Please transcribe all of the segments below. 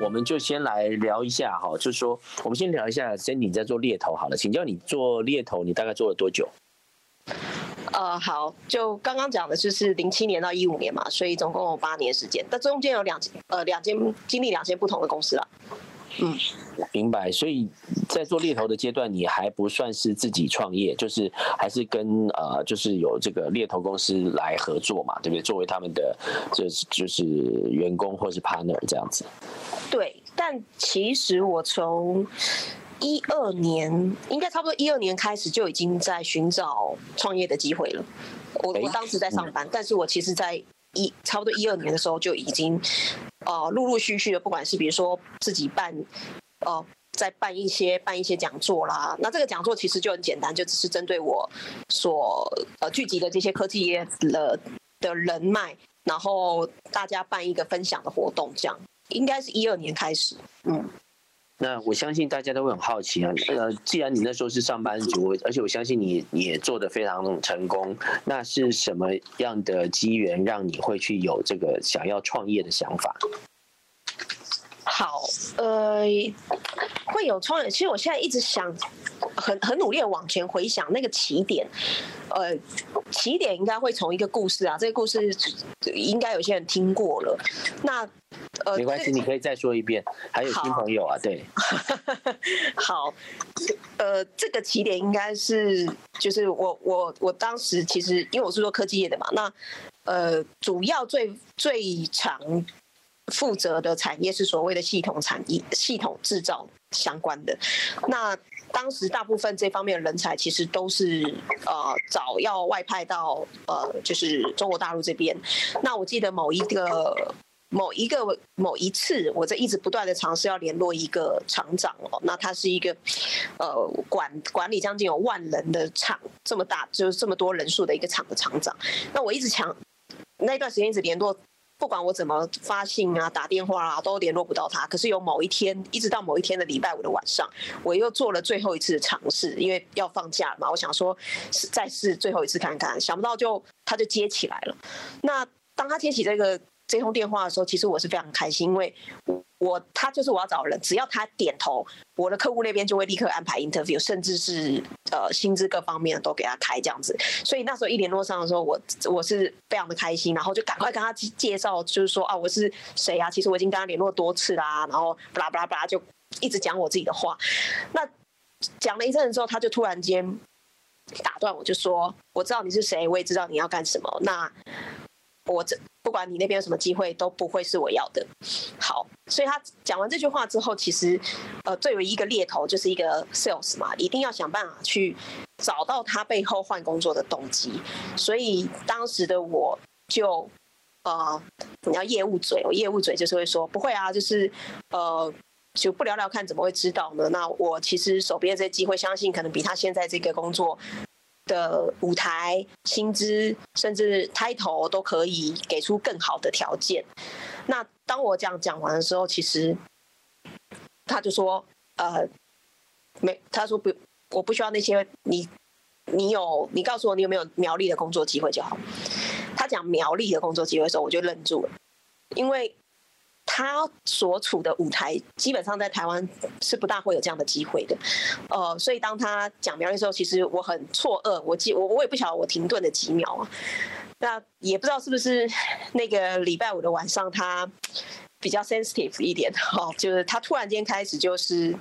我們就先來聊一下哈，就是說，我們先聊一下，先你在做獵頭好了，請教你做獵頭，你大概做了多久？呃，好,就剛剛講的就是零七年到一五年嘛，所以總共有八年時間，但中間有兩呃兩間經歷兩間不同的公司了。嗯，明白。所以在做獵頭的階段，你還不算是自己創業，就是還是跟呃，就是有這個獵頭公司來合作嘛，對不對？作為他們的就是就是員工或是 partner 這樣子。對，但其實我從一二年，應該差不多一二年開始就已經在尋找創業的機會了。我，欸，我當時在上班，嗯，但是我其實在。一差不多一二年的時候就已經，呃，陸陸續續的，不管是比如說自己辦，呃再辦一些辦一些講座啦。那這個講座其實就很簡單，就只是針對我所呃聚集的這些科技業的、的人脈，然後大家辦一個分享的活動，這樣應該是一二年開始，嗯。那我相信大家都會很好奇啊。呃，既然你那時候是上班族，而且我相信你，你也做得非常成功，那是什麼樣的機緣讓你會去有這個想要創業的想法？好，呃，會有創業。其實我現在一直想很，很很努力的往前回想那個起點，呃，起點應該會從一個故事啊。這個故事應該有些人聽過了。那呃，沒關係，你可以再說一遍，還有新朋友啊，對。 好，呃，這個起點應該是，就是我我我當時其實因為我是做科技業的嘛，那呃，主要最最長。負責的產業是所謂的系統產業、系統製造相關的。那當時大部分這方面的人才，其實都是呃早要外派到呃就是中國大陸這邊。那我記得某一個某一個某一次，我在一直不斷的嘗試要聯絡一個廠長哦。那他是一個呃管管理將近有萬人的廠這麼大就是這麼多人數的一個廠的廠長。那我一直想那段時間一直聯絡。不管我怎麼發信啊、打電話啊，都聯絡不到他。可是有某一天，一直到某一天的禮拜五的晚上，我又做了最後一次的嘗試，因為要放假了嘛。我想說，再試最後一次看看。想不到就他就接起來了。那當他接起這個。接通電話的時候，其實我是非常開心，因為我我他就是我要找人，只要他點頭，我的客戶那邊就會立刻安排 interview，甚至是呃薪資各方面都給他開這樣子。所以那時候一聯絡上的時候，我我是非常的開心，然後就趕快跟他介紹，就是說啊，我是誰啊？其實我已經跟他聯絡多次啦啊，然後巴拉巴拉巴拉就一直講我自己的話。那講了一陣子之後，他就突然間打斷我，就說：“我知道你是誰，我也知道你要幹什麼。”那我這不管你那邊有什麼機會都不會是我要的。好，所以他講完這句話之後，其實，呃，作為一個獵頭，就是一個 sales 嘛，一定要想辦法去找到他背後換工作的動機。所以當時的我就，呃，你要業務嘴，我業務嘴就是會說，不會啊，就是，呃，就不聊聊看，怎麼會知道呢？那我其實手邊這些機會，相信可能比他現在這個工作。的舞台、薪資，甚至 title 都可以給出更好的條件。那當我講講完的時候，其實他就說：呃，沒，他說不，我不需要那些你，你有，你告訴我你有沒有苗栗的工作機會就好。他講苗栗的工作機會的時候，我就愣住了，因為。他所處的舞台，基本上在台灣是不大會有這樣的機會的，哦、呃，所以當他講苗栗的時候，其實我很錯愕，我記我我也不曉得我停頓了幾秒啊，那也不知道是不是那個禮拜五的晚上，他比較 sensitive 一點哦，就是他突然間開始就是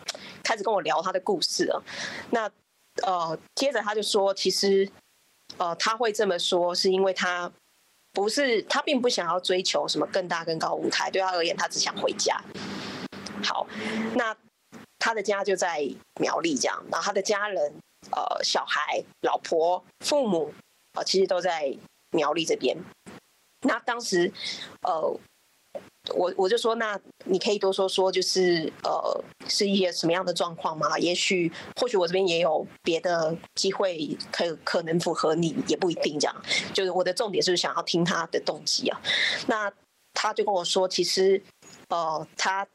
開始跟我聊他的故事啊，那哦、呃，接着他就說，其實、呃、他會這麼說，是因為他。不是，他並不想要追求什麼更大、更高舞台，對他而言，他只想回家。好，那他的家就在苗栗這樣，然後他的家人、呃，小孩、老婆、父母啊、呃，其實都在苗栗這邊。那當時，呃。我我就說，那你可以多說說，就是呃，是一些什麼樣的狀況嗎？也許，或許我這邊也有別的機會，可可能符合你，也不一定這樣。就是我的重點是想要聽他的動機啊。那他就跟我說，其實，呃，他。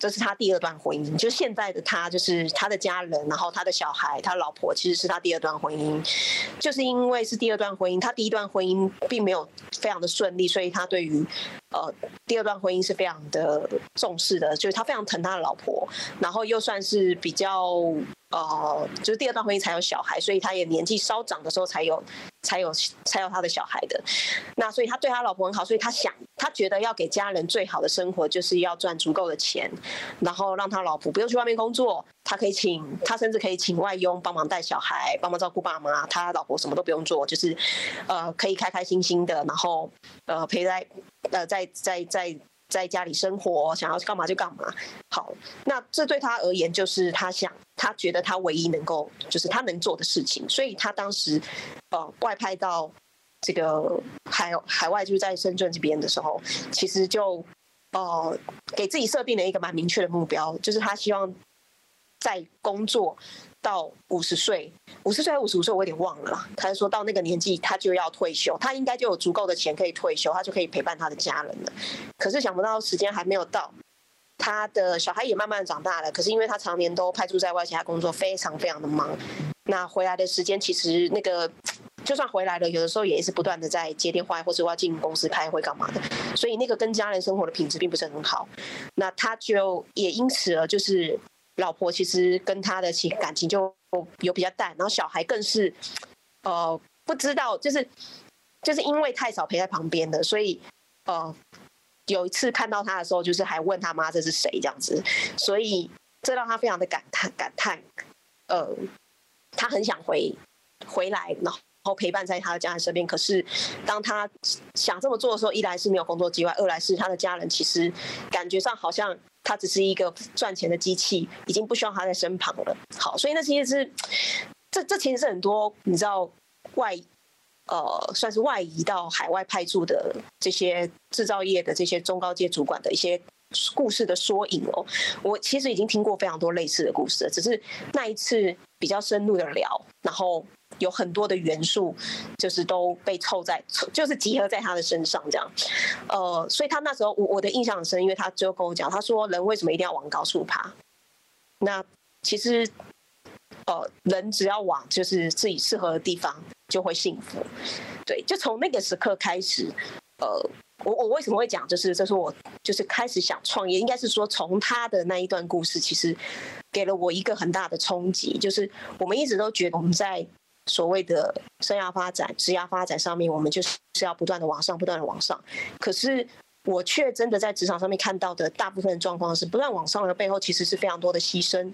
這是他第二段婚姻，就現在的他，就是他的家人，然後他的小孩，他老婆其實是他第二段婚姻，就是因為是第二段婚姻，他第一段婚姻並沒有非常的順利，所以他對於呃第二段婚姻是非常的重視的，就是他非常疼他的老婆，然後又算是比較。哦、呃，就是第二段婚姻才有小孩，所以他也年紀稍長的時候才有，才有，才有他的小孩的。那所以他對他老婆很好，所以他想，他覺得要給家人最好的生活，就是要賺足夠的錢，然後讓他老婆不用去外面工作，他可以請，他甚至可以請外傭幫忙帶小孩，幫忙照顧爸媽，他老婆什麼都不用做，就是，呃，可以開開心心的，然後呃，陪在，呃，在在在。在在家裡生活，想要幹嘛就幹嘛。好，那這對他而言就是他想，他覺得他唯一能夠，就是他能做的事情。所以他當時，呃，外派到這個海海外，就是在深圳這邊的時候，其實就，呃，給自己設定了一個蠻明確的目標，就是他希望在工作。到五十歲，五十歲還五十五歲，我有點忘了啦。他就說到那個年紀，他就要退休，他應該就有足夠的錢可以退休，他就可以陪伴他的家人了。可是想不到時間還沒有到，他的小孩也慢慢長大了。可是因為他常年都派駐在外，其他工作非常非常的忙，那回來的時間其實那個就算回來了，有的時候也是不斷的在接電話或者要進公司開會幹嘛的，所以那個跟家人生活的品質並不是很好。那他就也因此而就是，老婆其實跟他的情感情就有比較淡，然後小孩更是，呃，不知道，就是就是因為太少陪在旁邊的，所以，呃，有一次看到他的時候，就是還問他媽這是誰這樣子，所以這讓他非常的感嘆感嘆，呃，他很想回回來呢。然後陪伴在他的家人身邊，可是當他想這麼做的時候，一來是沒有工作機會，二來是他的家人其實感覺上好像他只是一個賺錢的機器，已經不需要他在身旁了。好，所以那其實是這，這其實是很多你知道外呃算是外移到海外派駐的這些制造業的這些中高階主管的一些故事的縮影哦。我其實已經聽過非常多類似的故事，只是那一次比較深入的聊，然後。有很多的元素，就是都被湊在，就是集合在他的身上，這樣，呃，所以他那時候，我我的印象很深，因為他最後跟我講，他說人為什麼一定要往高處爬？那其實，呃，人只要往就是自己適合的地方就會幸福，對，就從那個時刻開始，呃，我我為什麼會講，就是，就是這是我就是開始想創業，應該是說從他的那一段故事，其實給了我一個很大的衝擊，就是我們一直都覺得我們在。所謂的生涯發展、職涯發展上面，我們就是是要不斷的往上、不斷的往上。可是我卻真的在職場上面看到的大部分狀況是，不斷往上的背後其實是非常多的犧牲，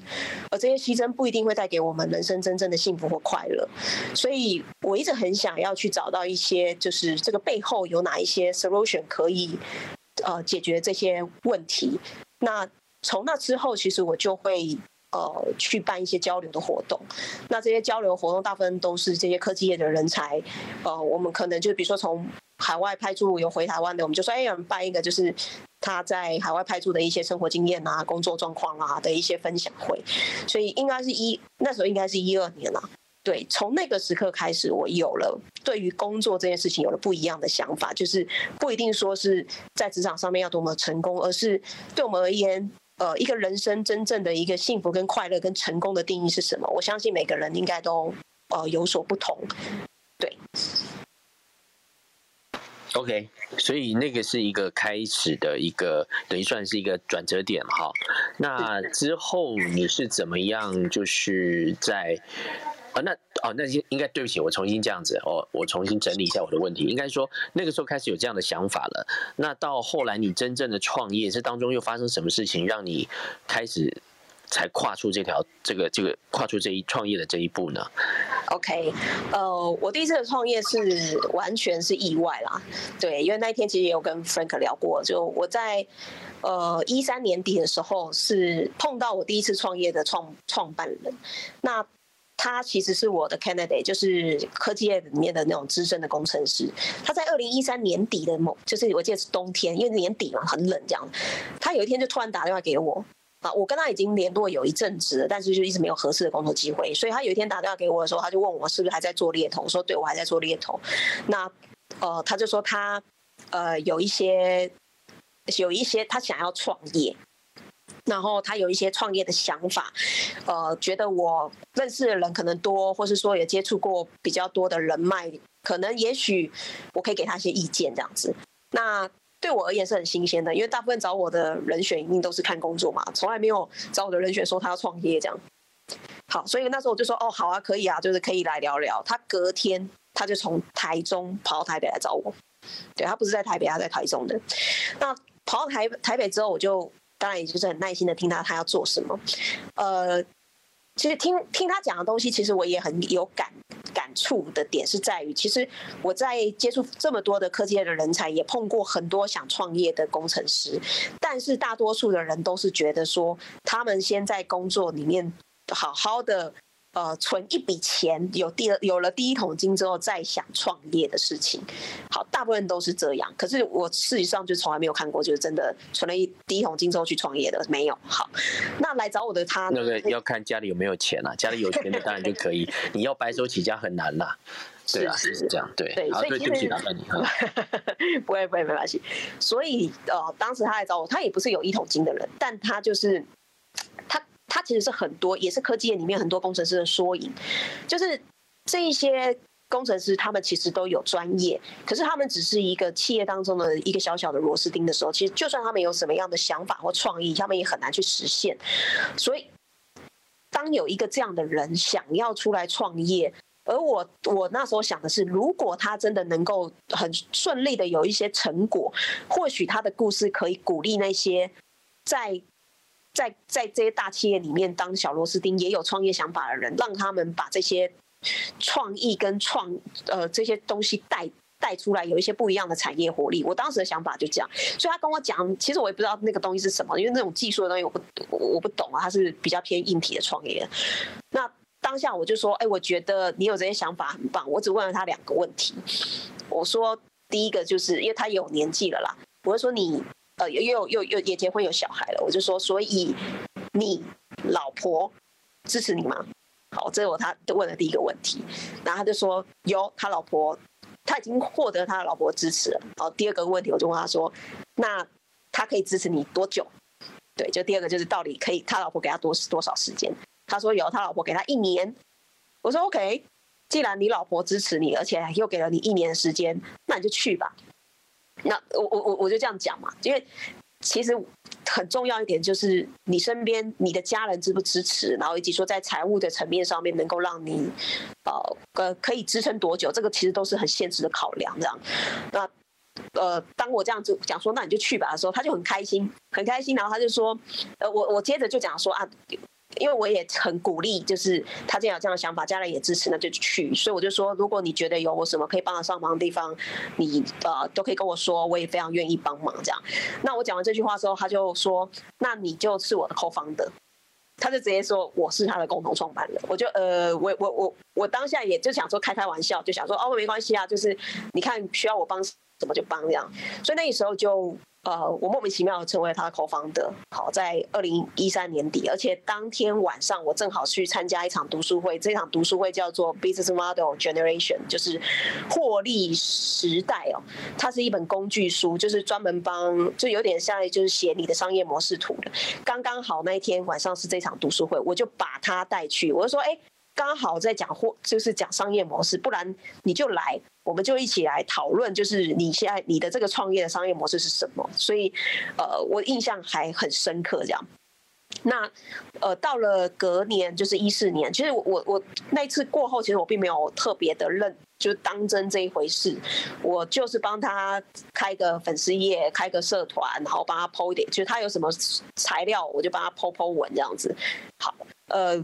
而這些犧牲不一定會帶給我們人生真正的幸福或快樂。所以我一直很想要去找到一些，就是這個背後有哪一些 solution 可以呃解決這些問題。那從那之後，其實我就會。呃，去辦一些交流的活動，那這些交流活動大部分都是這些科技業的人才。呃，我們可能就比如說從海外派駐有回台灣的，我們就說，哎，我們辦一個就是他在海外派駐的一些生活經驗啊、工作狀況啊的一些分享會。所以應該是一，那時候應該是一二年了啊。對，從那個時刻開始，我有了對於工作這件事情有了不一樣的想法，就是不一定說是在職場上面要多麼成功，而是對我們而言。呃，一個人生真正的一個幸福，跟快樂，跟成功的定義是什麼？我相信每個人應該都呃有所不同，對。OK，所以那個是一個開始的一個，等於算是一個轉折點哈。那之後你是怎麼樣？就是在啊、 呃、那。哦，那應該對不起，我重新這樣子，哦，我重新整理一下我的問題。應該說那個時候開始有這樣的想法了。那到後來你真正的創業是當中又發生什麼事情，讓你開始才跨出這條這個這個跨出這一創業的這一步呢？OK，呃，我第一次的創業是完全是意外啦。對，因為那一天其實也有跟 Frank 聊過，就我在呃一三年底的時候是碰到我第一次創業的創創辦人，那。他其實是我的 candidate，就是科技業裡面的那種資深的工程師。他在二零一三年底的某，就是我記得是冬天，因為年底嘛很冷這樣。他有一天就突然打電話給我啊，我跟他已經聯絡有一陣子了，但是就一直沒有合適的工作機會。所以他有一天打電話給我的時候，他就問我是不是還在做獵頭，說對，我還在做獵頭。那呃，他就說他呃有一些有一些他想要創業。然後他有一些創業的想法，呃，覺得我認識的人可能多，或是說也接觸過比較多的人脈，可能也許我可以給他一些意見這樣子。那對我而言是很新鮮的，因為大部分找我的人選一定都是看工作嘛，從來沒有找我的人選說他要創業這樣。好，所以那時候我就說，哦，好啊，可以啊，就是可以來聊聊。他隔天他就從台中跑到台北來找我，對，他不是在台北，他在台中的。那跑到台台北之後，我就。當然，也就是很耐心的聽他他要做什麼。呃，其實聽聽他講的東西，其實我也很有感感觸的點是在於，其實我在接觸這麼多的科技業的人才，也碰過很多想創業的工程師，但是大多數的人都是覺得說，他們先在工作裡面好好的。呃，存一筆錢，有第有了第一桶金之後，再想創業的事情，好，大部分都是這樣。可是我事實上就從來沒有看過，就是真的存了一第一桶金之後去創業的，沒有。好，那來找我的他那個要看家裡有沒有錢啊。家裡有錢的當然就可以， 你要白手起家很難啊。對是是啊，是是這樣對。對，好，所以今天去麻煩你。 不會不會，沒關係。所以呃，當時他來找我，他也不是有一桶金的人，但他就是他。他其實是很多，也是科技業裡面很多工程師的縮影，就是這一些工程師，他們其實都有專業，可是他們只是一個企業當中的一個小小的螺絲釘的時候，其實就算他們有什麼樣的想法或創意，他們也很難去實現。所以，當有一個這樣的人想要出來創業，而我我那時候想的是，如果他真的能夠很順利的有一些成果，或許他的故事可以鼓勵那些在。在在這些大企業裡面當小螺絲釘，也有創業想法的人，讓他們把這些創意跟創呃這些東西帶帶出來，有一些不一樣的產業活力。我當時的想法就這樣。所以他跟我講，其實我也不知道那個東西是什麼，因為那種技術的東西我不我，我不懂啊，他是比較偏硬體的創業。那當下我就說，哎，我覺得你有這些想法很棒。我只問了他兩個問題，我說第一個就是因為他有年紀了啦，我說你。呃，又又又也結婚有小孩了，我就說，所以你老婆支持你嗎？好，這是我他問的第一個問題，然後他就說有，他老婆他已經獲得他的老婆的支持了。好，第二個問題我就問他說，那他可以支持你多久？對，就第二個就是到底可以他老婆給他多多少時間？他說有，他老婆給他一年。我說 OK，既然你老婆支持你，而且又給了你一年的時間，那你就去吧。那我我我我就這樣講嘛，因為其實很重要一點就是你身邊你的家人支不支持，然後以及說在財務的層面上面能夠讓你，呃可以支撐多久，這個其實都是很現實的考量這樣。那呃，當我這樣子講說那你就去吧的時候，他就很開心很開心，然後他就說，呃我我接着就講說啊。因為我也很鼓勵，就是他既然有這樣的想法，家人也支持，那就去。所以我就說，如果你覺得有我什麼可以幫得上忙的地方，你呃都可以跟我說，我也非常願意幫忙這樣。那我講完這句話之後，他就說，那你就是我的 co-founder，他就直接說我是他的共同創辦人。我就呃，我我我我當下也就想說開開玩笑，就想說哦沒關係啊，就是你看需要我幫什麼就幫這樣。所以那個時候就。呃，我莫名其妙成為他的口方的好，在二零一三年底，而且當天晚上我正好去參加一場讀書會，這場讀書會叫做 Business Model Generation，就是獲利時代哦，它是一本工具書，就是專門幫，就有點像就是寫你的商業模式圖的。剛剛好那一天晚上是這場讀書會，我就把他帶去，我就說，哎、欸，剛好在講獲，就是講商業模式，不然你就來。我們就一起來討論，就是你現在你的這個創業的商業模式是什麼？所以，呃，我印象還很深刻這樣。那，呃，到了隔年，就是一四年，其實我我那次過後，其實我並沒有特別的認，就當真這一回事。我就是幫他開個粉絲頁，開個社團，然後幫他 PO 一點，就他有什麼材料，我就幫他 PO PO 文這樣子。好，呃，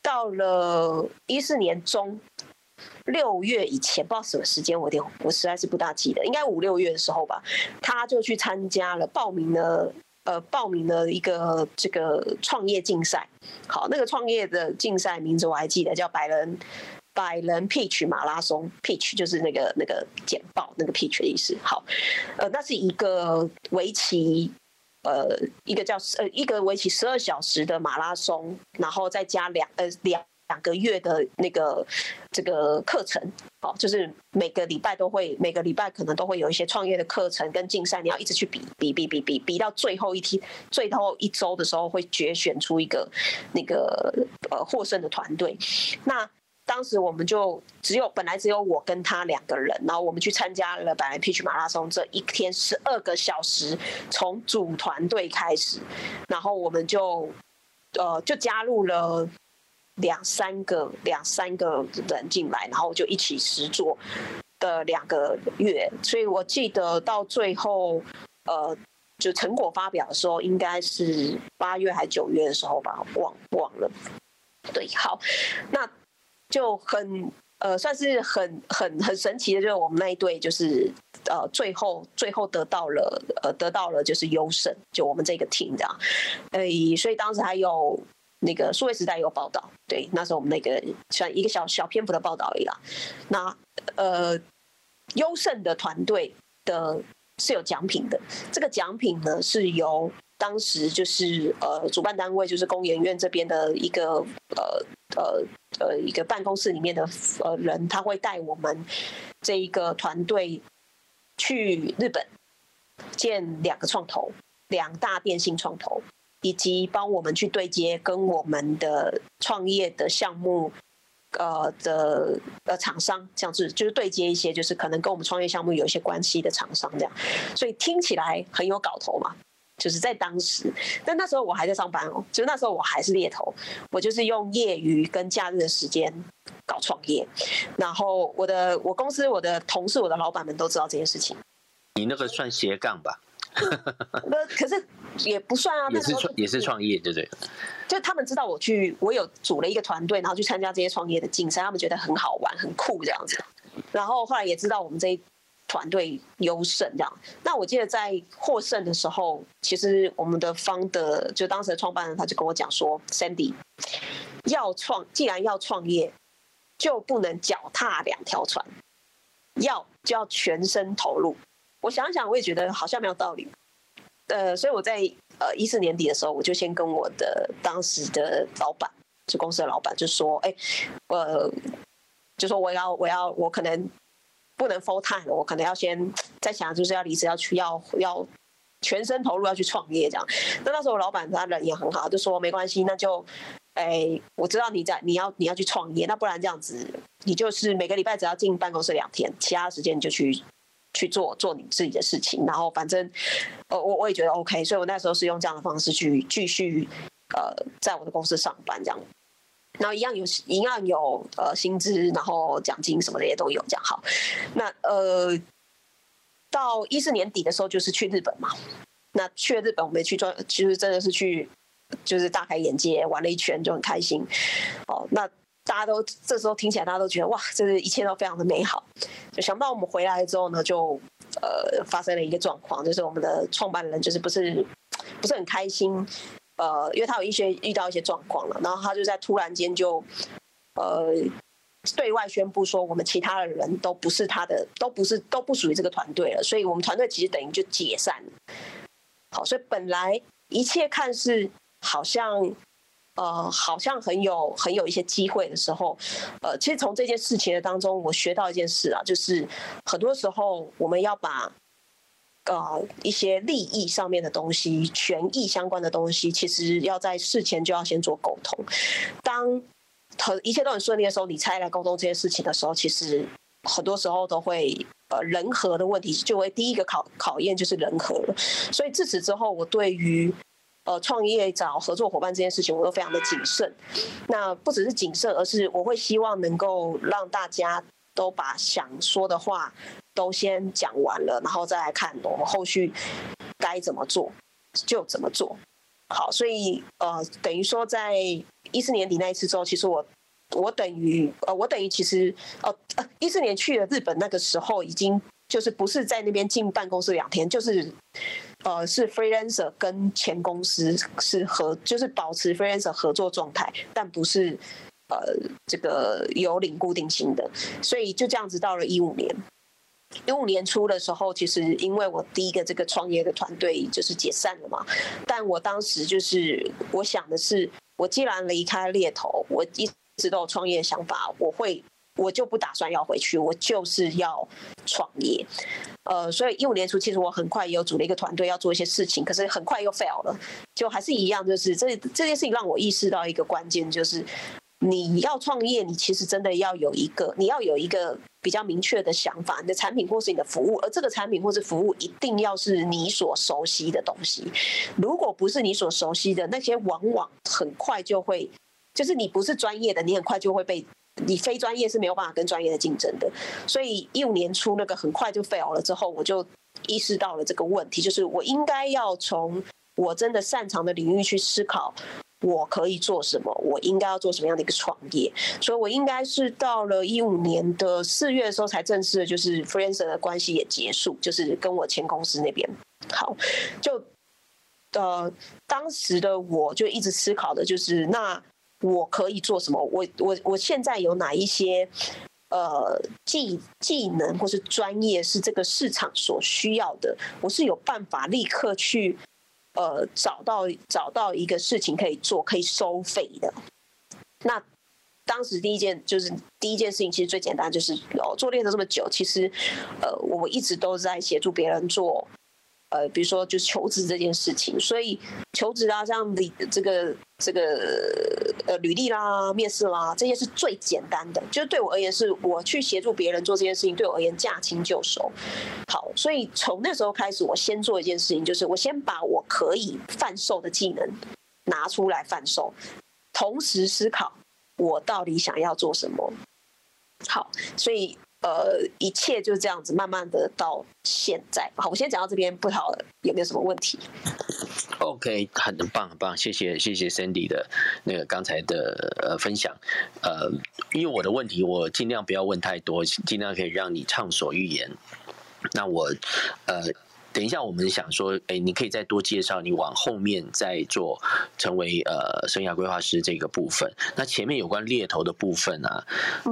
到了一四年中。六月以前不知道什麼時間，我點我實在是不大記得，應該五六月的時候吧，他就去參加了報名了，呃，報名的一個這個創業競賽。好，那個創業的競賽名字我還記得，叫百人百人 pitch 馬拉松，pitch 就是那個那個簡報，那個 pitch 的意思。好，呃，那是一個為期，呃，一個叫呃一個為期十二小時的馬拉松，然後再加兩呃兩。兩個月的那個這個課程，哦，就是每個禮拜都會，每個禮拜可能都會有一些創業的課程跟競賽，你要一直去比比比比比比，比比比比到最後一天、最後一週的時候會決選出一個那個呃獲勝的團隊。那當時我們就只有本來只有我跟他兩個人，然後我們去參加了百萬 Pitch 馬拉松，這一天十二個小時，從組團隊開始，然後我們就呃就加入了。兩三個，兩三個人進來，然後就一起實作的兩個月，所以我記得到最後，呃，就成果發表的時候，應該是八月還九月的時候吧，忘忘了。對，好，那就很呃，算是很很很神奇的，就是我們那一隊，就是呃，最後最後得到了呃，得到了就是優勝，就我們這個 team，哎，所以當時還有。那個數位時代有報道，對，那是我們那個算一個小小篇幅的報道而已啦。那呃，優勝的團隊的是有獎品的，這個獎品呢是由當時就是呃主辦單位，就是工研院這邊的一個呃呃呃一個辦公室裡面的呃人，他會帶我們這一個團隊去日本見兩個創投，兩大電信創投。以及幫我們去對接跟我們的創業的項目，呃的呃廠商這樣子，就是對接一些就是可能跟我們創業項目有一些關係的廠商這樣，所以聽起來很有搞頭嘛，就是在當時，但那時候我還在上班哦、喔，就是那時候我還是獵頭，我就是用業餘跟假日的時間搞創業，然後我的我公司我的同事我的老闆們都知道這件事情，你那個算斜槓吧、？ 呃，可是。也不算啊，也是創、就是、也是創業，對不對？就他們知道我去，我有組了一個團隊，然後去參加這些創業的競賽，他們覺得很好玩、很酷這樣子。然後後來也知道我們這一團隊優勝這樣。那我記得在獲勝的時候，其實我們的 Founder，就當時的創辦人他就跟我講說：“Sandy，要創既然要創業，就不能腳踏兩條船，要就要全身投入。”我想想，我也覺得好像沒有道理。呃，所以我在呃一四年底的時候，我就先跟我的當時的老闆，就公司的老闆，就說，哎，我、呃、就說我要我要我可能不能 full time 了，我可能要先在想就是要離職，要去要要全身投入要去創業這樣。那那時候老闆他人也很好，就說沒關係，那就哎我知道你在你要你要去創業，那不然這樣子，你就是每個禮拜只要進辦公室兩天，其他時間你就去。去做做你自己的事情，然後反正，呃，我我也覺得 OK，所以我那時候是用這樣的方式去繼續，呃，在我的公司上班這樣，然後一樣有一樣有呃薪資，然後獎金什麼的也都有這樣好，那呃，到一四年底的時候就是去日本嘛，那去日本我沒去就其實真的是去就是大開眼界，玩了一圈就很開心，哦。那。大家都這時候聽起來，大家都覺得哇，這是一切都非常的美好，就想不到我們回來之後呢，就呃發生了一個狀況，就是我們的創辦人就是不是不是很開心，呃，因為他有一些遇到一些狀況了，然後他就在突然間就呃對外宣布說，我們其他的人都不是他的，都不是都不屬於這個團隊了，所以我們團隊其實等於就解散了。好，所以本來一切看似好像。呃，好像很有很有一些機會的時候，呃，其實從這件事情的當中，我學到一件事啊，就是很多時候我們要把，呃，一些利益上面的東西、權益相關的東西，其實要在事前就要先做溝通。當很一切都很順利的時候，你才來溝通這件事情的時候，其實很多時候都會呃人和的問題就會第一個考考驗就是人和了。所以自此之後，我對於。呃，創業找合作夥伴這件事情，我都非常的謹慎。那不只是謹慎，而是我會希望能夠讓大家都把想說的話都先講完了，然後再來看我們後續該怎麼做就怎麼做。好，所以呃，等於說在一四年底那一次之後，其實我我等於呃，我等於其實呃呃，一四年去了日本，那個時候已經就是不是在那邊進辦公室兩天，就是。呃，是 freelancer 跟前公司是合，就是保持 freelancer 合作狀態，但不是呃這個有領固定薪的，所以就這樣子到了一五年，一五年初的時候，其實因為我第一個這個創業的團隊就是解散了嘛，但我當時就是我想的是，我既然離開獵頭，我一直都有創業想法，我會。我就不打算要回去，我就是要創業。呃，所以一五年初，其實我很快也有組了一個團隊，要做一些事情，可是很快又 fail 了。就還是一樣，就是這這件事情讓我意識到一個關鍵，就是你要創業，你其實真的要有一個，你要有一個比較明確的想法，你的產品或是你的服務，而這個產品或是服務一定要是你所熟悉的東西。如果不是你所熟悉的，那些往往很快就會，就是你不是專業的，你很快就會被。你非專業是沒有辦法跟專業的競爭的，所以一五年初，那個很快就 fail 了之後，我就意識到了這個問題，就是我應該要從我真的擅長的領域去思考，我可以做什麼，我應該要做什麼樣的一個創業，所以我應該是到了一五年的四月的時候才正式的，就是 friends 的關係也結束，就是跟我前公司那邊好，就呃當時的我就一直思考的就是那。我可以做什麼？我我我現在有哪一些呃技技能或是專業是這個市場所需要的？我是有辦法立刻去呃找到找到一個事情可以做，可以收費的。那當時第一件就是第一件事情，其實最簡單就是哦，做獵頭這麼久，其實呃我們一直都在協助別人做呃，比如說就求職這件事情，所以求職啊，像你這個這個。這個的、呃、履歷啦、面試啦，這些是最簡單的。就是對我而言，是我去協助別人做這件事情，對我而言駕輕就熟。好，所以從那時候開始，我先做一件事情，就是我先把我可以販售的技能拿出來販售，同時思考我到底想要做什麼。好，所以。呃，一切就這樣子，慢慢的到現在。好，我先講到這邊，不曉得有沒有什麼問題？OK，很棒很棒，謝謝謝謝 Sandy 的那個剛才的呃分享。呃，因為我的問題，我盡量不要問太多，盡量可以讓你暢所欲言。那我呃。等一下，我們想說，哎、欸，你可以再多介紹你往後面再做成為呃生涯規劃師這個部分。那前面有關獵頭的部分啊、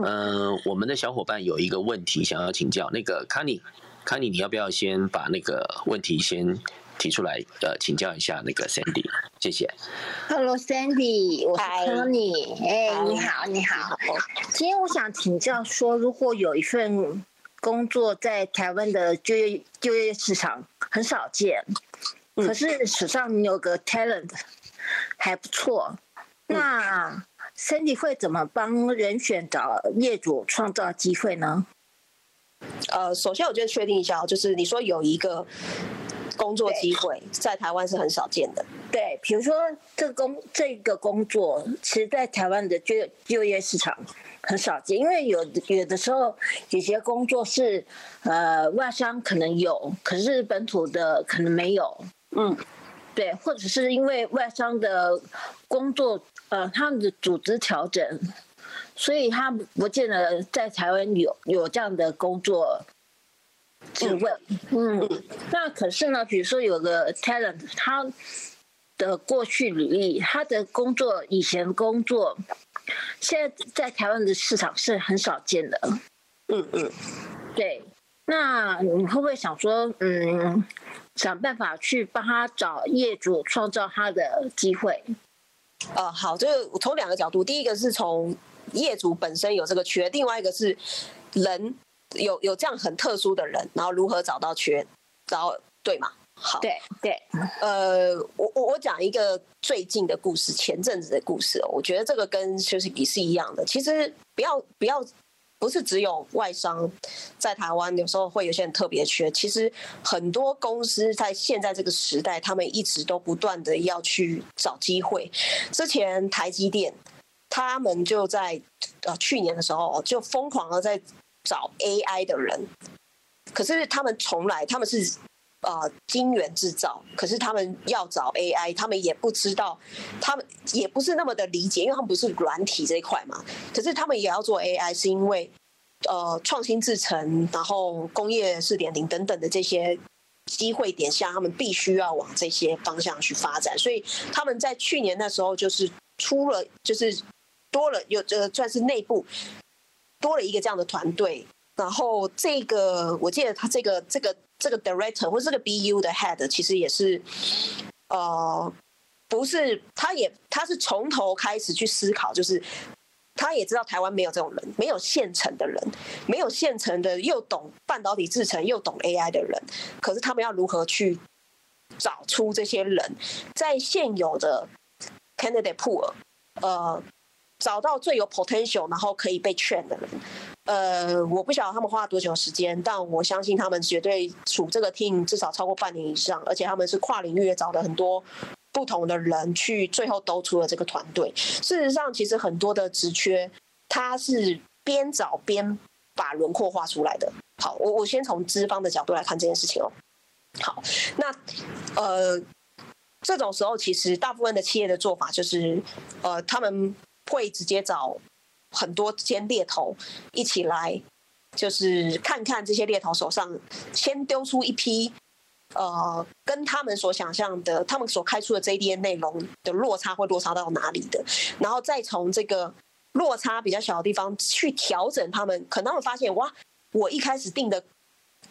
呃，嗯，我們的小夥伴有一個問題想要請教，那個 Kenny，Kenny，你要不要先把那個問題先提出來，呃，請教一下那個 Sandy，謝謝。Hello，Sandy，我是 Kenny，哎，你好，你好。今天我想請教說，如果有一份工作在台灣的就業就業市場很少見，嗯、可是史上有個 talent 還不錯、嗯，那 Sandy 會怎麼幫人選找業主創造機會呢？呃，首先我就確定一下，就是你說有一個。工作機會在台灣是很少見的。對，比如說這工這個工作，其實在台灣的就就業市場很少見，因為有有的時候有些工作是呃外商可能有，可是本土的可能沒有。嗯，對，或者是因為外商的工作呃他們的組織調整，所以他不見得在台灣有有這樣的工作。質問，嗯嗯，嗯，那可是呢，比如說有個 talent，他的過去履歷，他的工作以前工作，現在在台灣的市場是很少見的，嗯嗯，對，那你會不會想說，嗯，想辦法去幫他找業主，創造他的機會？哦、呃，好，就我從兩個角度，第一個是從業主本身有這個缺，另外一個是人。有有這樣很特殊的人，然後如何找到缺，找對嘛？好，對對，呃，我我我講一個最近的故事，前陣子的故事，我覺得這個跟休息比是一樣的。其實不要不要，不是只有外商在台灣有時候會有些特別缺，其實很多公司在現在這個時代，他們一直都不斷地要去找機會。之前台積電，他們就在呃去年的時候就瘋狂的在。找 AI 的人，可是他們從來他們是呃晶圓製造，可是他們要找 AI，他們也不知道，他們也不是那麼的理解，因為他們不是軟體這一塊嘛。可是他們也要做 AI，是因為呃，創新製程，然後工業四點零等等的這些機會點下，他們必須要往這些方向去發展。所以他們在去年那時候就是出了，就是多了有這個算是內部。多了一個這樣的團隊，然後這個我記得他這個這個這個 director 或者這個 BU 的 head，其實也是，呃，不是，他也他是從頭開始去思考，就是他也知道台灣沒有這種人，沒有現成的人，沒有現成的又懂半導體製程，又懂 AI 的人，可是他們要如何去找出這些人在現有的 candidate pool，呃。找到最有 potential，然後可以被勸的人，呃，我不曉得他們花了多久時間，但我相信他們絕對湊這個 team 至少超過半年以上，而且他們是跨領域，找了很多不同的人去，最後都出了這個團隊。事實上，其實很多的職缺，他是邊找邊把輪廓畫出來的。好，我我先從資方的角度來看這件事情哦。好，那呃，這種時候其實大部分的企業的做法就是，呃，他們。會直接找很多間獵頭一起來，就是看看這些獵頭手上先丟出一批，呃，跟他們所想象的、他們所開出的 JD 的內容的落差會落差到哪裡的，然後再從這個落差比較小的地方去調整他們。可能他們發現，哇，我一開始定的。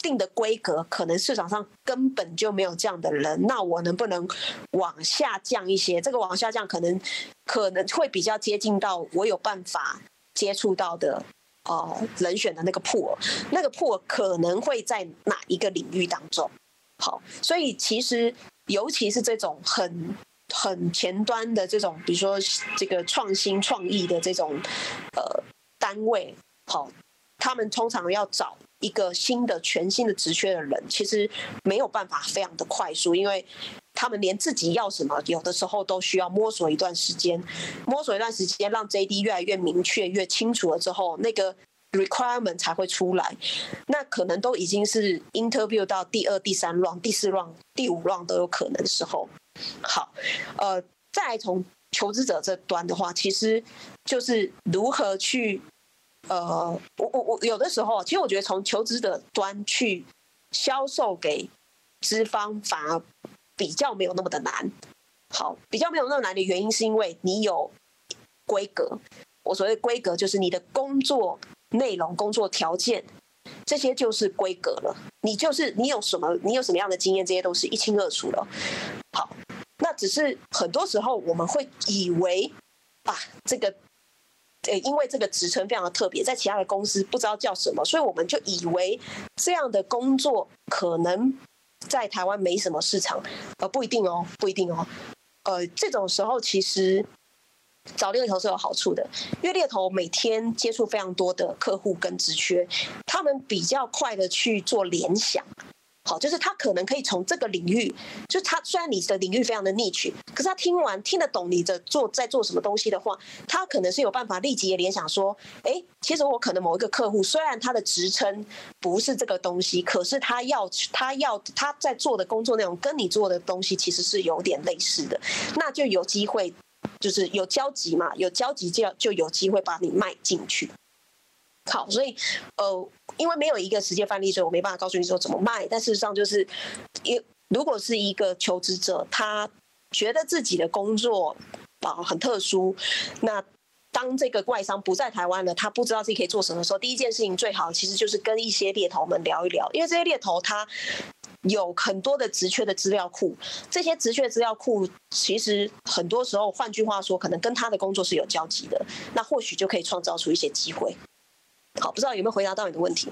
定的規格，可能市場上根本就沒有這樣的人。那我能不能往下降一些？這個往下降，可能可能會比較接近到我有辦法接觸到的哦、呃、人選的那個 pool，那個 pool 可能會在哪一個領域當中？好，所以其實尤其是這種很很前端的這種，比如說這個創新創意的這種呃單位，好。他們通常要找一個新的、全新的職缺的人，其實沒有辦法非常的快速，因為他們連自己要什麼，有的時候都需要摸索一段時間，摸索一段時間，讓 JD 越來越明確、越清楚了之後，那個 requirement 才會出來。那可能都已經是 interview 到第二、第三輪、第四輪、第五輪都有可能的時候。好，呃，再從求職者這端的話，其實就是如何去。呃，我我我有的時候，其實我覺得從求職的端去銷售給資方，反而比較沒有那麼的難。好，比較沒有那麼難的原因是因為你有規格。我所謂的規格就是你的工作內容、工作條件，這些就是規格了。你就是你有什麼，你有什麼樣的經驗，這些都是一清二楚的。好，那只是很多時候我們會以為啊，這個。因為這個職稱非常的特別，在其他的公司不知道叫什麼，所以我們就以為這樣的工作可能在台灣沒什麼市場。呃，不一定哦，不一定哦，呃，這種時候其實找獵頭是有好處的，因為獵頭每天接觸非常多的客戶跟職缺，他們比較快的去做聯想。好，就是他可能可以從這個領域，就他雖然你的領域非常的 niche，可是他聽完聽得懂你的做在做什麼東西的話，他可能是有辦法立即也聯想說，哎，其實我可能某一個客戶雖然他的職稱不是這個東西，可是他要他要他在做的工作內容跟你做的東西其實是有點類似的，那就有機會，就是有交集嘛，有交集就要就有機會把你賣進去。好，所以，呃，因為沒有一個實際範例，所以我沒辦法告訴你說怎麼賣。但事實上，就是，如果是一個求職者，他覺得自己的工作、啊、很特殊，那當這個外商不在台灣了，他不知道自己可以做什麼的時候，第一件事情最好其實就是跟一些獵頭們聊一聊，因為這些獵頭他有很多的職缺的資料庫，這些職缺資料庫其實很多時候，換句話說，可能跟他的工作是有交集的，那或許就可以創造出一些機會。好，不知道有沒有回答到你的問題？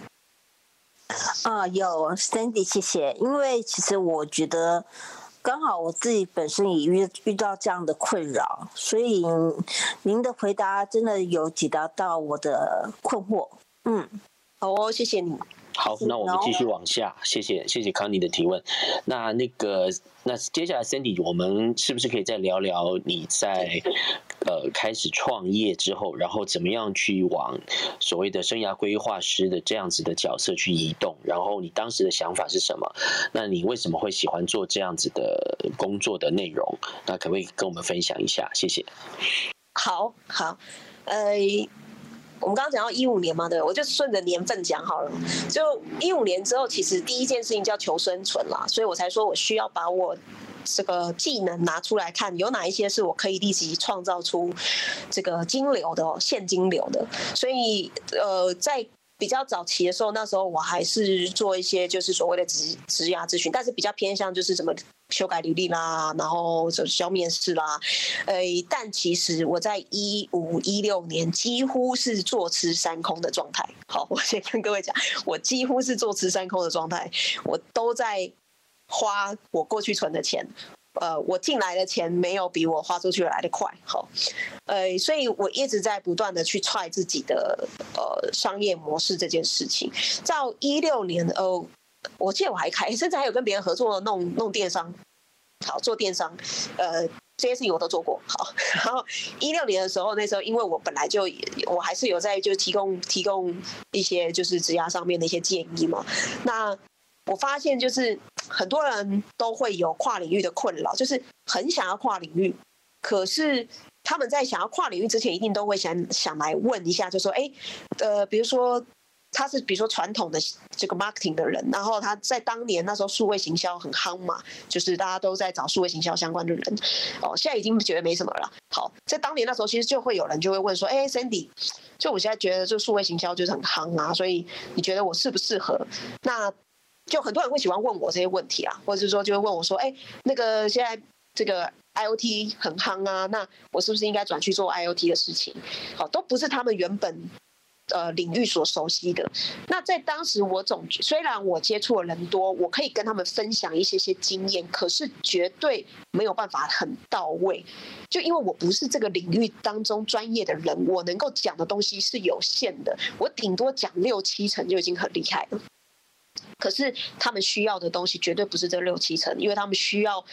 啊，有，Sandy，謝謝。因為其實我覺得，剛好我自己本身也遇遇到這樣的困擾，所以您的回答真的有解答到我的困惑。嗯，好哦，謝謝你。好，那我們繼續往下。謝謝，謝謝康妮的提問。那那個，那接下來 Sandy，我們是不是可以再聊聊你在呃開始創業之後，然後怎麼樣去往所謂的生涯規劃師的這樣子的角色去移動？然後你當時的想法是什麼？那你為什麼會喜歡做這樣子的工作的內容？那可不可以跟我們分享一下？謝謝。好，好，呃。我們剛剛講到一五年嘛，對，我就順着年份講好了。就一五年之後，其實第一件事情叫求生存啦，所以我才說我需要把我這個技能拿出來看，有哪一些是我可以立即創造出這個金流的，現金流的。所以，呃，在。比較早期的時候，那時候我還是做一些就是所謂的職職涯諮詢，但是比較偏向就是什麼修改履歷啦，然後做小面試啦，誒、欸，但其實我在一五一六年幾乎是坐吃山空的狀態。好，我先跟各位講，我幾乎是坐吃山空的狀態，我都在花我過去存的錢。呃，我進來的錢沒有比我花出去來的快，好，呃，所以我一直在不斷的去踹自己的呃商業模式這件事情。到一六年，哦、呃，我記得我還開，甚至還有跟別人合作弄弄電商，好，做電商，呃，這些事情我都做過，好。然後一六年的時候，那時候因為我本來就我還是有在就提供提供一些就是職涯上面的一些建議嘛，那。我發現就是很多人都會有跨領域的困擾，就是很想要跨領域，可是他們在想要跨領域之前，一定都會想想來問一下，就是說：“哎、欸，呃，比如說他是比如說傳統的這個 marketing 的人，然後他在當年那時候數位行銷很夯嘛，就是大家都在找數位行銷相關的人，哦，現在已經覺得沒什麼了。好，在當年那時候其實就會有人就會問說：“哎、欸，Sandy，就我現在覺得這數位行銷就是很夯啊，所以你覺得我適不適合？那就很多人會喜歡問我這些問題啊，或者是說就會問我說，哎、欸，那個現在這個 I O T 很夯啊，那我是不是應該轉去做 I O T 的事情？好，都不是他們原本呃領域所熟悉的。那在當時我總覺，雖然我接觸的人多，我可以跟他們分享一些些經驗，可是絕對沒有辦法很到位，就因為我不是這個領域當中專業的人，我能夠講的東西是有限的，我頂多講六七成就已經很厲害了。可是他們需要的東西絕對不是這六七成，因為他們需要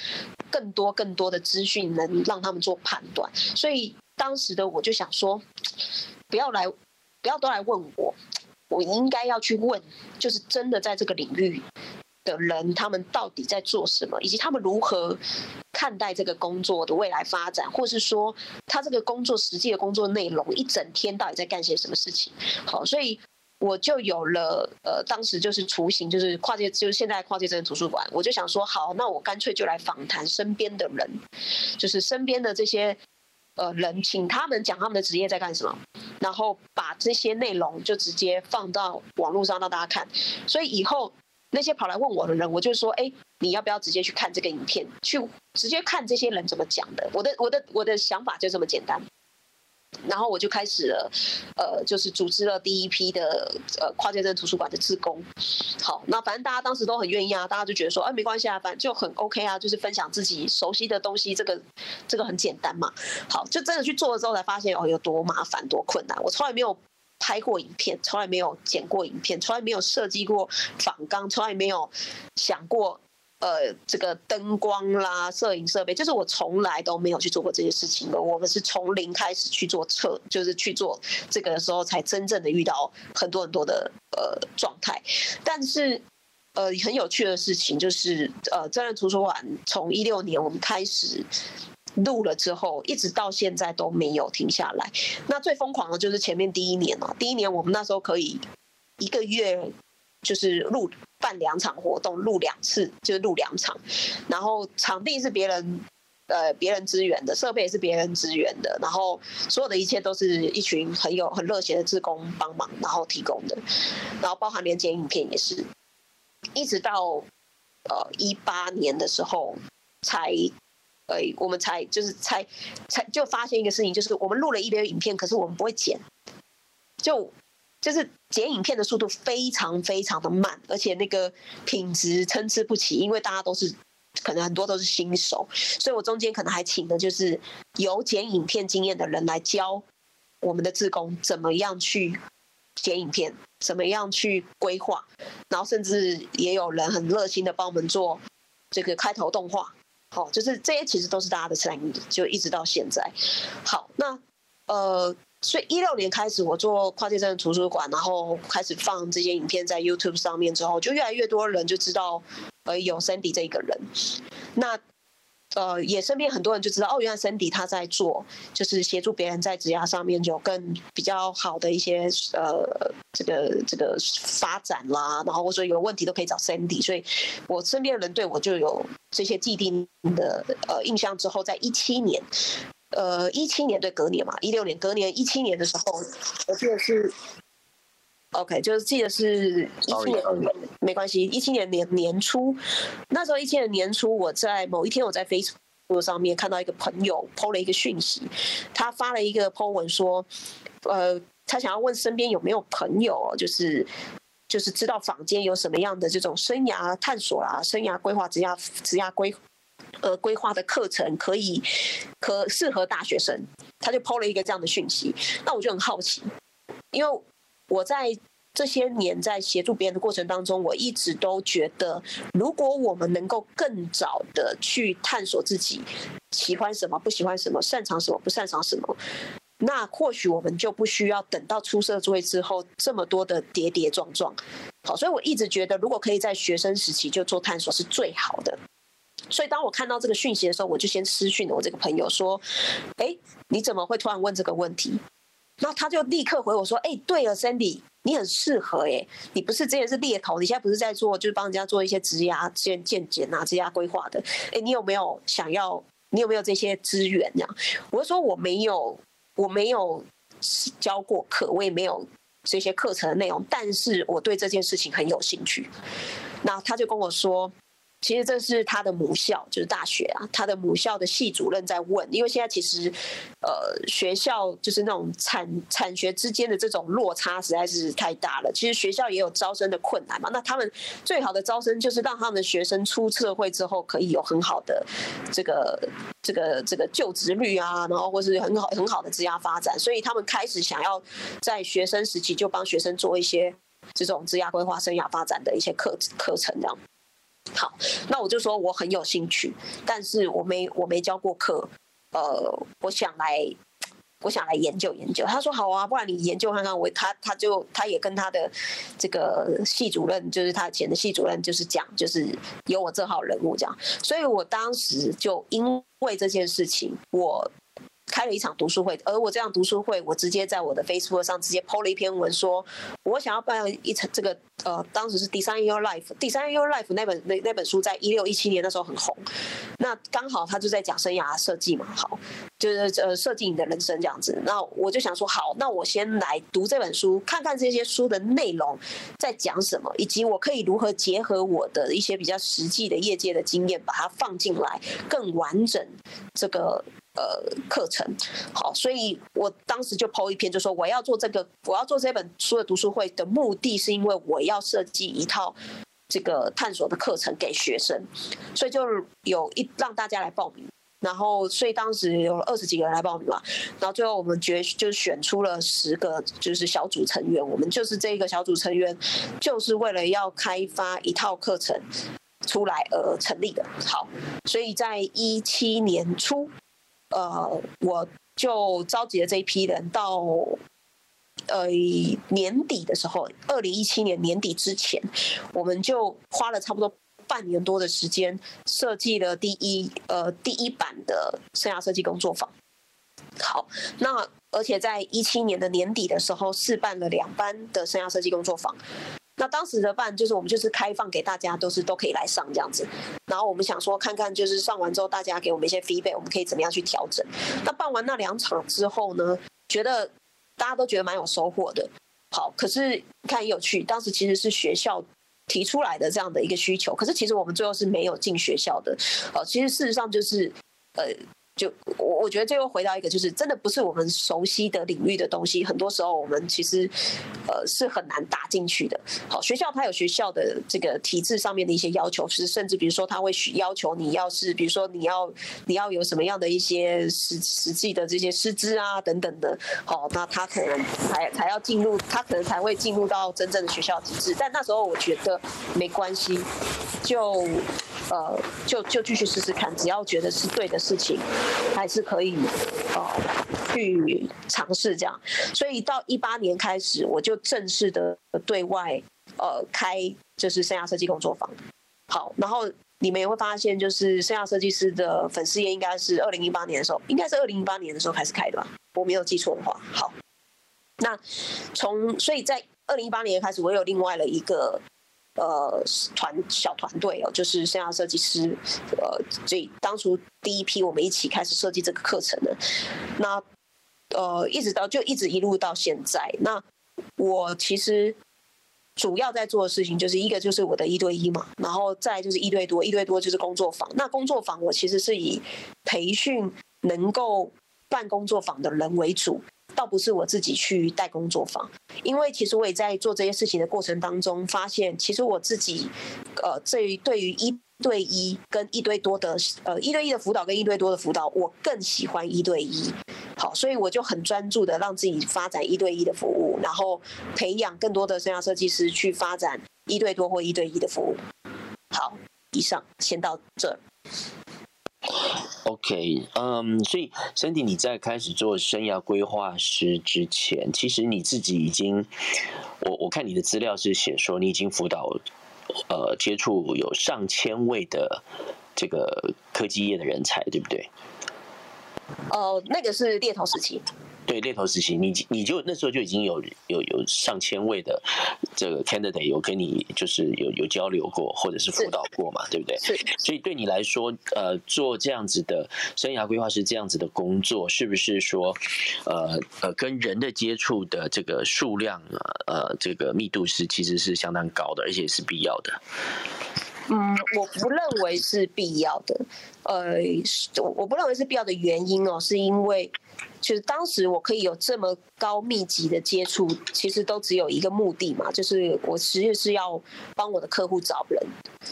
更多更多的資訊，能讓他們做判斷。所以當時的我就想說，不要來，不要都來問我，我應該要去問，就是真的在這個領域的人，他們到底在做什麼，以及他們如何看待這個工作的未來發展，或是說他這個工作實際的工作內容，一整天到底在幹些什麼事情。好，所以。我就有了，呃，當時就是雛形，就是跨界，就是現在跨界這個圖書館。我就想說，好，那我乾脆就來訪談身邊的人，就是身邊的這些，呃，人，請他們講他們的職業在幹什麼，然後把這些內容就直接放到網絡上讓大家看。所以以後那些跑來問我的人，我就說，哎、欸，你要不要直接去看這個影片，去直接看這些人怎麼講的？我的我的我的想法就這麼簡單。然後我就開始了，呃，就是組織了第一批的呃跨界證圖書館的志工。好，那反正大家當時都很願意啊，大家就覺得說，哎、呃，沒關係啊，反正就很 OK 啊，就是分享自己熟悉的東西，這個這個很簡單嘛。好，就真的去做了之後，才發現哦，有多麻煩，多困難。我從來沒有拍過影片，從來沒有剪過影片，從來沒有設計過訪綱，從來沒有想過。呃，這個燈光啦，攝影設備，就是我從來都沒有去做過這些事情的。我們是從零開始去做測，就是去做這個的時候，才真正的遇到很多很多的呃狀態。但是，呃，很有趣的事情就是，呃，真人圖書館從一六年我們開始錄了之後，一直到現在都沒有停下來。那最瘋狂的就是前面第一年了，啊，第一年我們那時候可以一個月就是錄。辦兩場活動，錄兩次，就是錄兩場，然後場地是別人，呃，別人支援的，設備也是別人支援的，然後所有的一切都是一群很有很熱血的志工幫忙然後提供的，然後包含連剪影片，也是一直到呃一八年的時候才呃我們才就是才才就發現一個事情，就是我們錄了一堆影片，可是我們不會剪，就。就是剪影片的速度非常非常的慢，而且那個品質參差不齊，因為大家都是可能很多都是新手，所以我中間可能還請的就是有剪影片經驗的人來教我們的志工怎麼樣去剪影片，怎麼樣去規劃，然後甚至也有人很熱心的幫我們做這個開頭動畫，好，就是這些其實都是大家的 strength，就一直到現在。好，那呃。所以一六年開始，我做跨界站的圖書館，然後開始放這些影片在 YouTube 上面之後，就越來越多人就知道，呃，有 Sandy 這一個人。那，呃，也身邊很多人就知道，哦，原來 Sandy 她在做，就是協助別人在職涯上面有更比較好的一些呃這個這個發展啦，然後或者有問題都可以找 Sandy。所以，我身邊的人對我就有這些既定的呃印象。之後，在一七年。呃，一七年對，隔年嘛，一六年隔年，一七年的時候，我記得是，OK，就是記得是一七年二月，沒關係，一七年年年初，那時候一七年年初，我在某一天我在 Facebook 上面看到一個朋友 PO 了一個訊息，他發了一個 PO 文說，呃，他想要問身邊有沒有朋友，就是就是知道坊間有什麼樣的這種生涯探索啦、啊，生涯規劃、職涯職涯規。呃，規劃的課程可以可適合大學生，他就拋了一個這樣的訊息。那我就很好奇，因為我在這些年在協助別人的過程當中，我一直都覺得，如果我們能夠更早的去探索自己喜歡什麼、不喜歡什麼、擅長什麼、不擅長什麼，那或許我們就不需要等到出社會之後這麼多的跌跌撞撞。好，所以我一直覺得，如果可以在學生時期就做探索，是最好的。所以，當我看到這個訊息的時候，我就先私訊了我這個朋友說：“哎，你怎麼會突然問這個問題？”那他就立刻回我說：“哎，對了，Sandy，你很適合哎，你不是之前是獵頭，你現在不是在做就是幫人家做一些職涯、健檢、啊、職涯規劃的？哎，你有沒有想要？你有沒有這些資源呀、啊？”我就說：“我沒有，我沒有教過課，我也沒有這些課程的內容，但是我對這件事情很有興趣。”那他就跟我說。其實這是他的母校，就是大學啊。他的母校的系主任在問，因為現在其實，呃，學校就是那種產產學之間的這種落差實在是太大了。其實學校也有招生的困難嘛。那他們最好的招生就是讓他們的學生出社會之後可以有很好的這個這個這個就職率啊，然後或是很好很好的職涯發展。所以他們開始想要在學生時期就幫學生做一些這種職涯規劃、生涯發展的一些課課程這樣。好，那我就說我很有興趣，但是我沒我沒教過課，呃，我想來，我想來研究研究。他說好啊，不然你研究看看。我他他就他也跟他的這個系主任，就是他以前的系主任，就是講，就是有我這號人物這樣。所以我當時就因為這件事情，我開了一場讀書會，而我這樣讀書會，我直接在我的 Facebook 上直接 PO 了一篇文說，說我想要辦一場這個。呃，當時是《Design Your Life》，《Design Your Life》那本那那本書在一六一七年那時候很紅，那剛好他就在講生涯設計嘛，好，就是呃設計你的人生這樣子。那我就想說，好，那我先來讀這本書，看看這些書的內容在講什麼，以及我可以如何結合我的一些比較實際的業界的經驗，把它放進來，更完整這個呃課程。好，所以我當時就 po 一篇，就說我要做這個，我要做這本書的讀書會的目的是因為我要。要設計一套這個探索的課程給學生，所以就有一讓大家來報名，然後所以當時有二十幾個人來報名嘛，然後最後我們決就選出了十個就是小組成員，我們就是這個小組成員就是為了要開發一套課程出來而成立的。好，所以在一七年初，呃，我就召集了這一批人到。呃，年底的時候，二零一七年年底之前，我們就花了差不多半年多的時間設計了第一呃第一版的生涯設計工作坊。好，那而且在一七年的年底的時候，試辦了兩班的生涯設計工作坊。那當時的辦就是我們就是開放給大家都是都可以來上這樣子。然後我們想說看看就是上完之後大家給我們一些 feedback，我們可以怎麼樣去調整。那辦完那兩場之後呢，覺得。大家都覺得蠻有收穫的，好。可是看也有趣，當時其實是學校提出來的這樣的一個需求，可是其實我們最後是沒有進學校的。哦、呃，其實事實上就是，呃。就我我覺得，最後回到一個，就是真的不是我們熟悉的領域的東西，很多時候我們其實，呃，是很難打進去的。好，學校它有學校的這個體制上面的一些要求，是甚至比如說他會去要求你要是，比如說你要你要有什麼樣的一些實實際的這些師資啊等等的，好，那他可能才才要進入，他可能才會進入到真正的學校體制。但那時候我覺得沒關係，就。呃，就就繼續試試看，只要覺得是對的事情，還是可以、呃、去嘗試這樣。所以到一八年開始，我就正式的對外呃開，就是生涯設計工作坊。好，然後你們也會發現，就是生涯設計師的粉絲頁應該是二零一八年的時候，應該是二零一八年的時候開始開的吧？我沒有記錯的話。好，那從所以在二零一八年開始，我有另外的一個。呃，團小團隊哦，就是生涯設計師，呃，這當初第一批我們一起開始設計這個課程的，那呃，一直到就一直一路到現在。那我其實主要在做的事情，就是一個就是我的一對一嘛，然後再就是一對多，一對多就是工作坊。那工作坊我其實是以培訓能夠辦工作坊的人為主。倒不是我自己去帶工作坊，因為其實我也在做這些事情的過程當中，發現其實我自己，呃，這對於一對一跟一對多的，呃，一對一的輔導跟一對多的輔導，我更喜歡一對一。好，所以我就很專注的讓自己發展一對一的服務，然後培養更多的生涯設計師去發展一對多或一對一的服務。好，以上先到這。OK，嗯、um,，所以 Sandy 你在開始做生涯規劃師之前，其實你自己已經，我我看你的資料是寫說你已經輔導，呃，接觸有上千位的這個科技業的人才，對不對？哦、呃，那個是獵頭時期。對，獵頭時期，你你就那時候就已經有有有上千位的這個 candidate 有跟你就是有有交流過或者是輔導過嘛，對不對？是。所以對你來說，呃，做這樣子的生涯規劃師這樣子的工作，是不是說，呃呃，跟人的接觸的這個數量，啊，呃，這個密度是其實是相當高的，而且是必要的。嗯，我不認為是必要的。呃，我不認為是必要的原因哦，是因為，就是當時我可以有這麼高密集的接觸，其實都只有一個目的嘛，就是我實際是要幫我的客戶找人，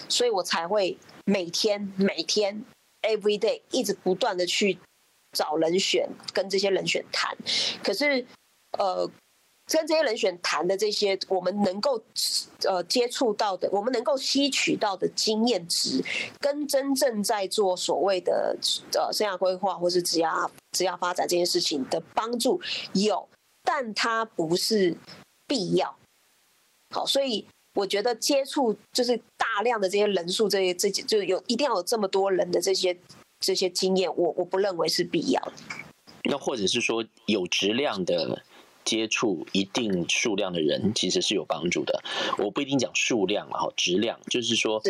所以我才會每天每天 every day 一直不斷的去找人選，跟這些人選談。可是，呃。跟這些人選談的這些，我們能夠呃接觸到的，我們能夠吸取到的經驗值，跟真正在做所謂的呃生涯規劃或是職業職業發展這件事情的幫助有，但它不是必要。好，所以我覺得接觸就是大量的這些人數，這些這些就有一定要有這麼多人的這些這些經驗，我我不認為是必要。那或者是說有質量的。接觸一定數量的人其實是有幫助的，我不一定講數量了哈，質量就是說，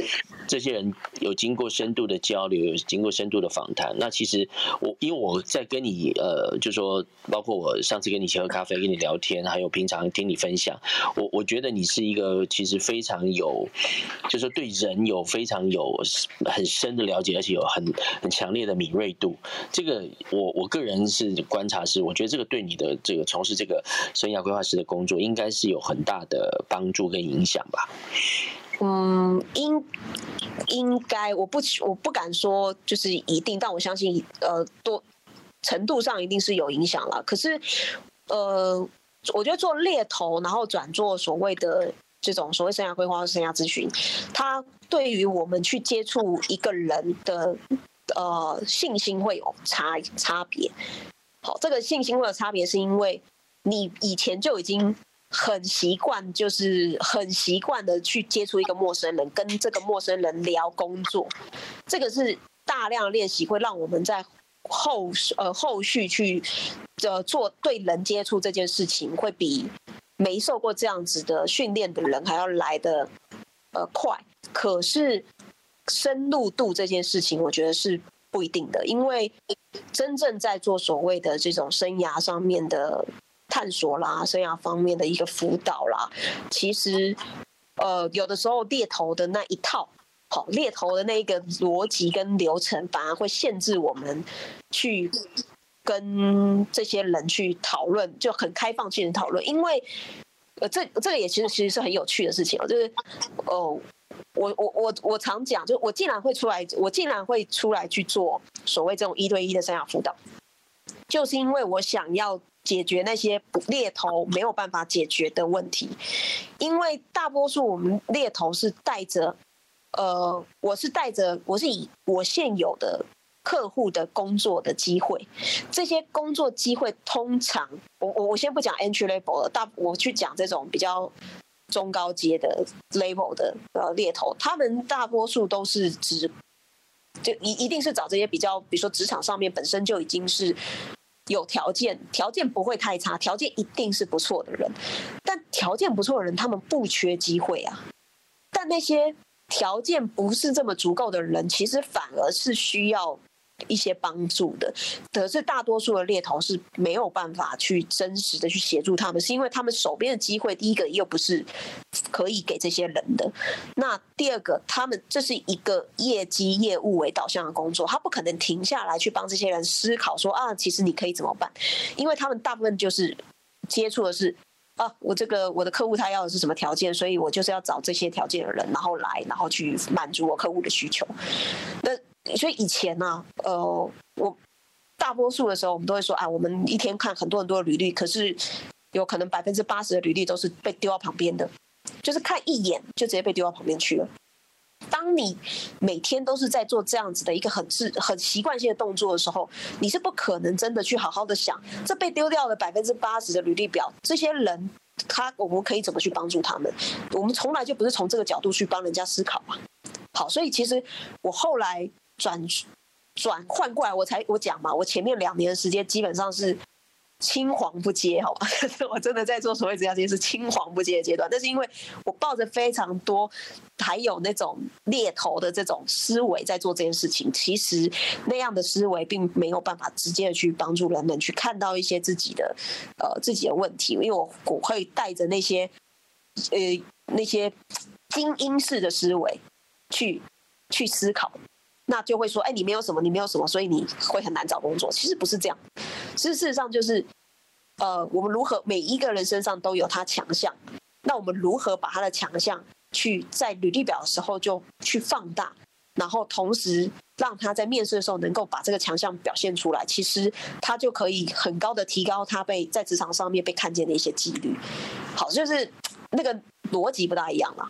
這些人有經過深度的交流，有經過深度的訪談。那其實我因為我在跟你呃，就說包括我上次跟你一起喝咖啡跟你聊天，還有平常聽你分享，我我覺得你是一個其實非常有，就是說對人有非常有很深的了解，而且有很很強烈的敏銳度。這個我我個人是觀察是，我覺得這個對你的這個從事這個。生涯規劃師的工作應該是有很大的幫助跟影響吧？嗯，應應該我不我不敢說就是一定，但我相信呃多程度上一定是有影響啦。可是呃，我覺得做獵頭，然後轉做所謂的這種所謂生涯規劃或生涯諮詢，它對於我們去接觸一個人的呃信心會有差差別。好，這個信心會有差別，是因為。你以前就已經很習慣，就是很習慣的去接觸一個陌生人，跟這個陌生人聊工作。這個是大量的練習會讓我們在後呃後續去呃做對人接觸這件事情，會比沒受過這樣子的訓練的人還要來得呃快。可是深入度這件事情，我覺得是不一定的，因為真正在做所謂的這種生涯上面的探索啦，生涯方面的一個輔導啦，其實，呃，有的時候獵頭的那一套，好，獵頭的那個邏輯跟流程，反而會限制我們去跟這些人去討論，就很開放性的討論。因為，呃，這這個也其實其實是很有趣的事情哦，就是，哦、呃，我我我我常講，就我竟然會出來，我竟然會出來去做所謂這種一對一的生涯輔導，就是因為我想要。解決那些獵頭沒有辦法解決的問題，因為大多數我們獵頭是帶着，呃，我是帶着，我是以我現有的客戶的工作的機會，這些工作機會通常，我我我先不講 entry level 了，大我去講這種比較中高階的 level 的呃獵頭，他們大多數都是職，就一一定是找這些比較，比如說職場上面本身就已經是。有條件，條件不會太差，條件一定是不錯的人。但條件不錯的人，他們不缺機會啊。但那些條件不是這麼足夠的人，其實反而是需要。一些幫助的，可是大多數的獵頭是沒有辦法去真實的去協助他們，是因為他們手邊的機會，第一個又不是可以給這些人的，那第二個，他們這是一個業績業務為導向的工作，他不可能停下來去幫這些人思考說啊，其實你可以怎麼辦？因為他們大部分就是接觸的是啊，我這個我的客戶他要的是什麼條件，所以我就是要找這些條件的人，然後來，然後去滿足我客戶的需求。那所以以前呢、啊，呃，我大多數的時候，我們都會說啊、哎，我們一天看很多很多的履歷，可是有可能百分之八十的履歷都是被丟到旁邊的，就是看一眼就直接被丟到旁邊去了。當你每天都是在做這樣子的一個很自很習慣性的動作的時候，你是不可能真的去好好的想這被丟掉的百分之八十的履歷表，這些人他我們可以怎麼去幫助他們？我們從來就不是從這個角度去幫人家思考嘛。好，所以其實我後來。轉轉換過來我，我才我講嘛，我前面兩年的時間基本上是青黃不接，好吧？ 我真的在做所謂這樣這件事青黃不接的階段，但是因為我抱着非常多還有那種獵頭的這種思維在做這件事情，其實那樣的思維並沒有辦法直接的去幫助人們去看到一些自己的呃自己的問題，因為我我會帶着那些呃那些精英式的思維去去思考。那就會說，哎，你沒有什麼，你沒有什麼，所以你會很難找工作。其實不是這樣，其實事實上就是，呃，我們如何每一個人身上都有他強項，那我們如何把他的強項去在履歷表的時候就去放大，然後同時讓他在面試的時候能夠把這個強項表現出來，其實他就可以很高的提高他被在職場上面被看見的一些幾率。好，就是那個邏輯不大一樣了。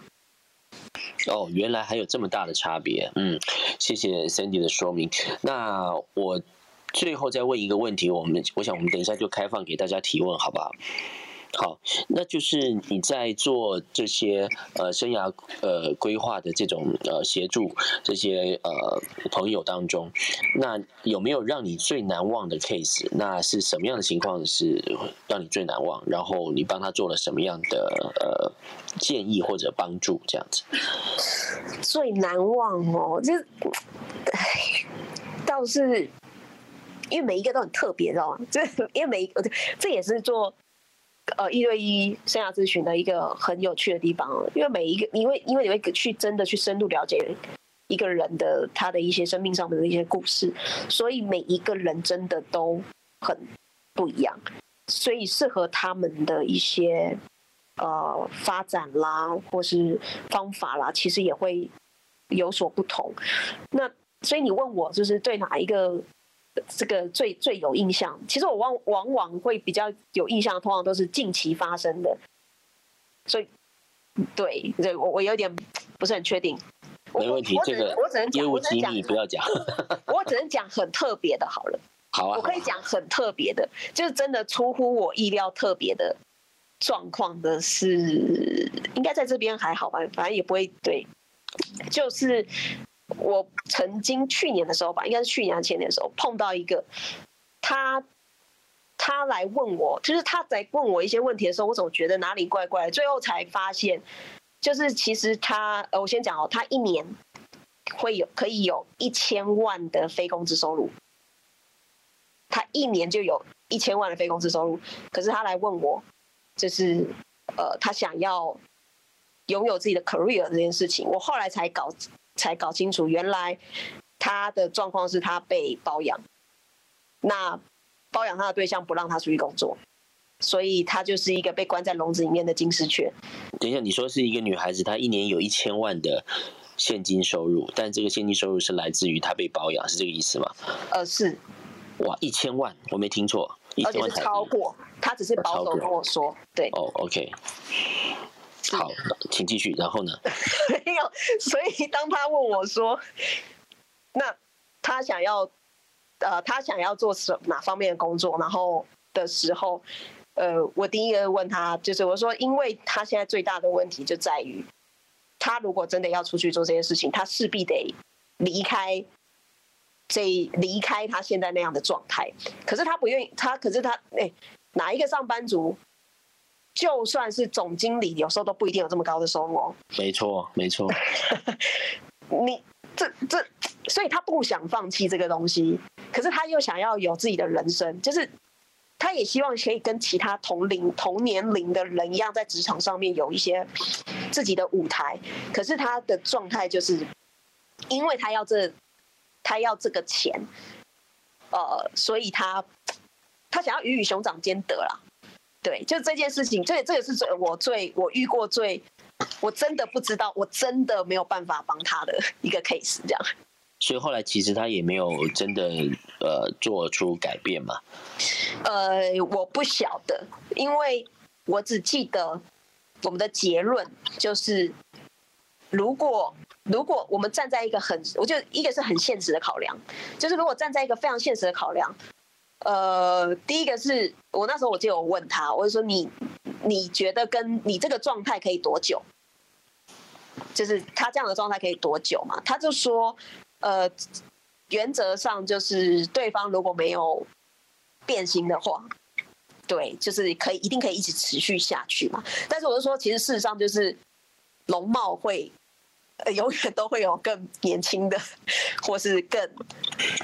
哦，原來還有這麼大的差別，嗯，謝謝三弟 n d y 的說明。那我最後再問一個問題，我們我想我們等一下就開放給大家提問，好吧？好，那就是你在做這些呃生涯，呃規劃的這種呃協助這些呃朋友當中，那有沒有讓你最難忘的 case？那是什麼樣的情況是讓你最難忘？然後你幫他做了什麼樣的呃建議或者幫助？這樣子？最難忘哦，這，倒是因為每一個都很特別，知道嗎？這因為每一個這也是做。呃，一對一生涯諮詢的一個很有趣的地方，因為每一個，因為因為你會去真的去深入了解一個人的他的一些生命上的一些故事，所以每一個人真的都很不一樣，所以適合他們的一些呃發展啦，或是方法啦，其實也會有所不同。那所以你問我，就是對哪一個？這個最最有印象，其實我往往往會比較有印象，通常都是近期發生的。所以，對，對我我有點不是很確定。沒問題，這個我只能講業務機密，不要講。我只能講 很特別的，好了。好啊，我可以講很特別的，就是真的出乎我意料特別的狀況的是，應該在這邊還好吧，反正也不會對，就是。我曾經去年的時候吧，應該是去年還是前年的時候，碰到一個，他，他來問我，就是他在問我一些問題的時候，我總覺得哪裡怪怪的。最後才發現，就是其實他，呃，我先講哦，他一年會有可以有一千萬的非工資收入，他一年就有一千萬的非工資收入，可是他來問我，就是呃，他想要擁有自己的 career 這件事情，我後來才搞。才搞清楚，原來他的狀況是他被包養，那包養他的對象不讓他出去工作，所以他就是一個被關在籠子裡面的金絲雀。等一下，你說是一個女孩子，她一年有一千萬的現金收入，但這個現金收入是來自於她被包養，是這個意思嗎？呃，是。哇，一千萬，我沒聽錯，一千萬才。而且是超過，他只是保守跟我說，對。哦、oh，OK。好，請繼續。然後呢？ 沒有，所以當他問我說：“那他想要，呃，他想要做什，哪方面的工作？”然後的時候，呃，我第一個問他，就是我說：“因為他現在最大的問題就在於，他如果真的要出去做這件事情，他勢必得離開這，這離開他現在那樣的狀態。可是他不願意，他可是他哎、欸，哪一個上班族？”就算是總經理，有時候都不一定有這麼高的收入。沒錯，沒錯。 你這這，所以他不想放棄這個東西，可是他又想要有自己的人生，就是他也希望可以跟其他同齡、同年齡的人一樣，在職場上面有一些自己的舞台。可是他的狀態就是，因為他要這，他要這個錢，呃，所以他他想要魚與熊掌兼得啦。對，就這件事情，對，這這個也是最我最我遇過最，我真的不知道，我真的沒有辦法幫他的一個 case 這樣。所以後來其實他也沒有真的呃做出改變嘛。呃，我不曉得，因為我只記得我們的結論就是，如果如果我們站在一個很，我就一個是很現實的考量，就是如果站在一個非常現實的考量。呃，第一個是我那時候我就有問他，我就說你你覺得跟你這個狀態可以多久？就是他這樣的狀態可以多久嘛？他就說，呃，原則上就是對方如果沒有變心的話，對，就是可以，一定可以一直持續下去嘛。但是我就說，其實事實上就是容貌會。永遠都會有更年輕的，或是更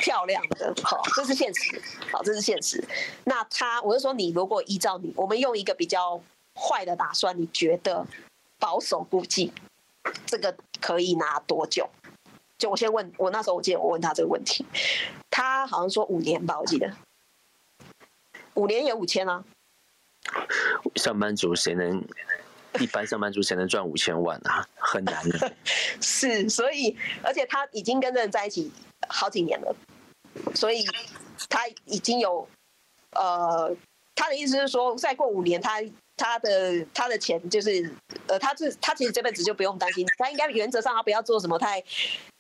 漂亮的，好，這是現實，好，這是現實。那他，我就說，你如果依照你，我們用一個比較壞的打算，你覺得保守估計，這個可以拿多久？就我先問，我那時候我記得我問他這個問題，他好像說五年吧，我記得，五年也五千啊。上班族誰能？ 一般上班族才能賺五千萬啊，很難的、啊。 是，所以，而且他已經跟人在一起好幾年了，所以他已經有，呃，他的意思是說，再過五年他，他他的他的錢就是，呃，他是他其實這輩子就不用擔心，他應該原則上他不要做什麼太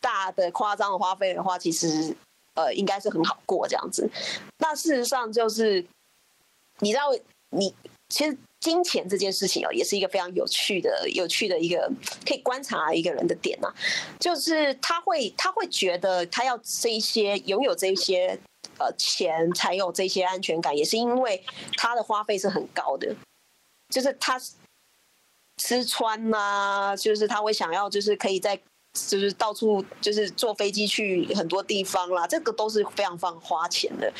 大的誇張的花費的話，其實呃應該是很好過這樣子。那事實上就是，你知道你其實。金錢這件事情哦，也是一個非常有趣的、有趣的一個可以觀察一個人的點啊，就是他會，他會覺得他要這一些擁有這一些呃錢，才有這些安全感，也是因為他的花費是很高的，就是他吃穿吶、啊，就是他會想要，就是可以在。就是到處就是坐飛機去很多地方啦，這個都是非常非常花錢的，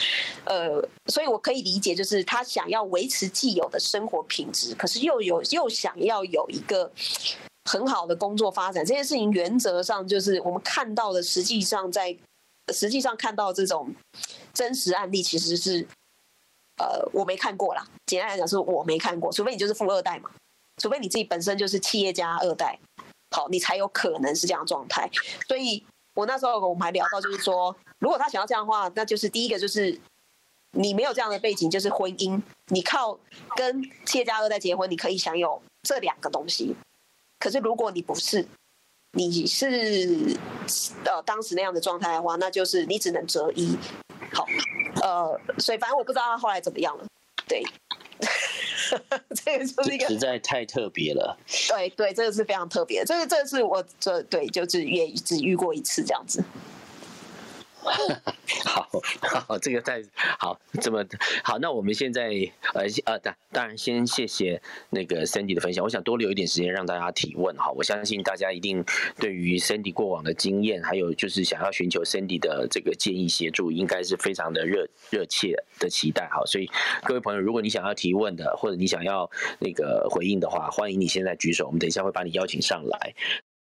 呃，所以我可以理解，就是他想要維持既有的生活品質，可是又有又想要有一個很好的工作發展，這件事情原則上就是我們看到的，實際上在實際上看到這種真實案例，其實是，呃，我沒看過啦。簡單來講，是我沒看過，除非你就是富二代嘛，除非你自己本身就是企業家二代。好，你才有可能是這樣狀態。所以我那時候我們還聊到，就是說，如果他想要這樣的話，那就是第一個就是，你沒有這樣的背景，就是婚姻，你靠跟企業家二代結婚，你可以享有這兩個東西。可是如果你不是，你是呃當時那樣的狀態的話，那就是你只能擇一。好，呃，所以反正我不知道他後來怎麼樣了。對。 這個是一個實在太特別了。對對，這個是非常特別，這個這個是我這對就是也只遇過一次這樣子。 好，好，這個在好這麼好，那我們現在呃呃，當當然先謝謝那個 Sandy 的分享。我想多留一點時間讓大家提問哈。我相信大家一定對於 Sandy 過往的經驗，還有就是想要尋求 Sandy 的這個建議協助，應該是非常的熱熱切的期待哈。所以各位朋友，如果你想要提問的，或者你想要那個回應的話，歡迎你現在舉手，我們等一下會把你邀請上來。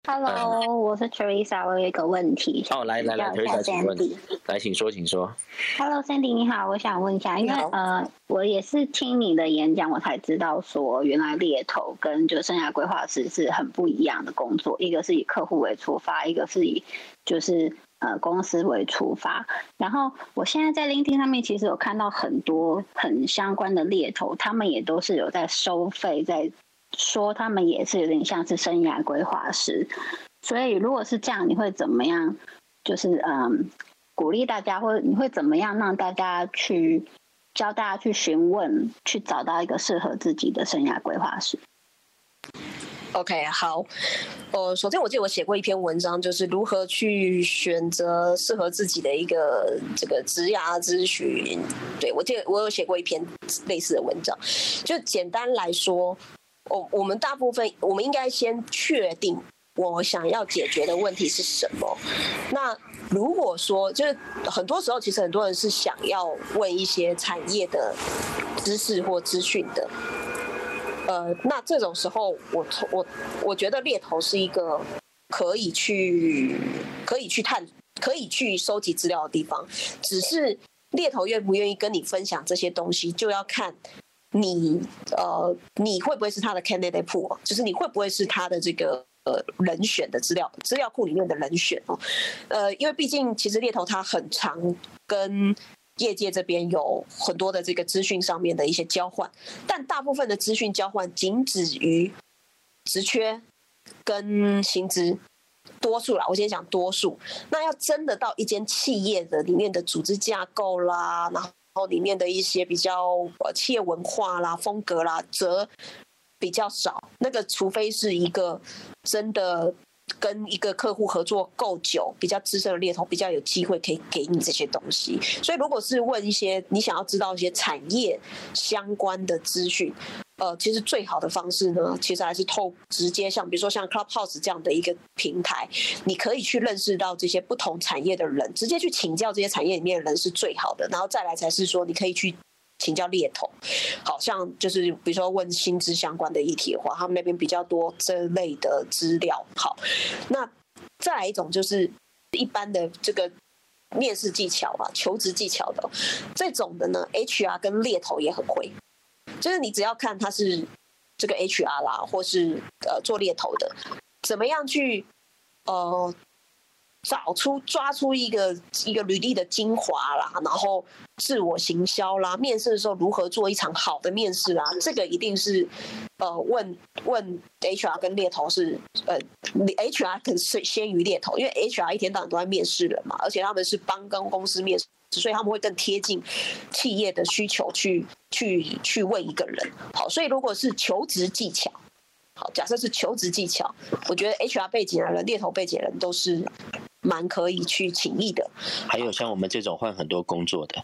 Hello，我是 Teresa，嗯，我有一個問題。哦，來來，Sandy，請問，來，請說，請說。Hello，Sandy，你好，我想問一下，因為呃，我也是聽你的演講，我才知道說原來獵頭跟就生涯規劃師是很不一樣的工作，一個是以客戶為出發，一個是以就是呃公司為出發。然後我現在在 LinkedIn 上面，其實有看到很多很相關的獵頭，他們也都是有在收費，在。說他們也是有點像是生涯規劃師，所以如果是這樣，你會怎麼樣？就是嗯，鼓勵大家，或你會怎麼樣讓大家去教大家去詢問，去找到一個適合自己的生涯規劃師？OK，好。哦、呃。首先我記得我寫過一篇文章，就是如何去選擇適合自己的一個這個職涯諮詢。對，我記得我有寫過一篇類似的文章，就簡單來說。我我們大部分我們應該先確定我想要解決的問題是什麼。那如果說就是很多時候，其實很多人是想要問一些產業的知識或資訊的。呃，那這種時候我，我我我覺得獵頭是一個可以去可以去探可以去收集資料的地方。只是獵頭願不願意跟你分享這些東西，就要看。你呃，你會不會是他的 candidate pool 啊？就是你會不會是他的這個呃，人選的資料資料庫裡面的人選哦啊？呃，因為畢竟其實獵頭他很常跟業界這邊有很多的這個資訊上面的一些交換，但大部分的資訊交換僅止於職缺跟薪資，多數啦。我先講多數，那要真的到一間企業的裡面的組織架構啦，然後。然後裡面的一些比較企業文化啦、風格啦，則比較少。那個，除非是一個真的。跟一個客戶合作夠久，比較資深的獵頭，比較有機會可以給你這些東西。所以，如果是問一些你想要知道一些產業相關的資訊，呃，其實最好的方式呢，其實還是透直接像，像比如說像 Clubhouse 這樣的一個平台，你可以去認識到這些不同產業的人，直接去請教這些產業裡面的人是最好的。然後再來才是說，你可以去。請教獵頭，好像就是比如說問薪資相關的議題的話，他們那邊比較多這類的資料。好，那再來一種就是一般的這個面試技巧啊，求職技巧的這種的呢，HR 跟獵頭也很會，就是你只要看他是這個 HR 啦，或是呃做獵頭的，怎麼樣去呃。找出抓出一個一個履歷的精華啦，然後自我行銷啦，面試的時候如何做一場好的面試啦，啊，這個一定是呃問問 H R 跟獵頭，是呃 H R 可能是先於獵頭，因為 H R 一天到晚都在面試人嘛，而且他們是幫跟公司面試，所以他們會更貼近企業的需求去去去問一個人。好，所以如果是求職技巧，好，假設是求職技巧，我覺得 H R 背景的人，獵頭背景的人都是蠻可以去請益的，還有像我們這種換很多工作的，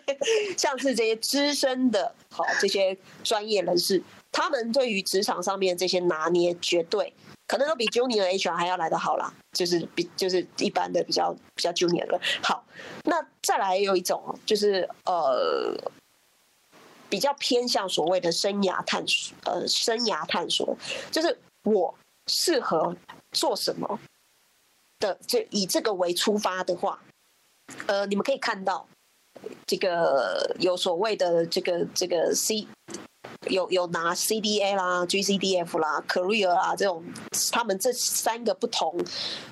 像是這些資深的，好、哦、這些專業人士，他們對於職場上面這些拿捏，絕對可能都比 junior HR 還要來得好啦，就是比就是一般的比較比較 junior。好，那再來有一種就是呃，比較偏向所謂的生涯探索，呃，生涯探索就是我適合做什麼。以這個為出發的話，呃，你們可以看到，這個有所謂的這個這個 C，有有拿 CDA 啦、GCDF 啦、Career 啊，這種，他們這三個不同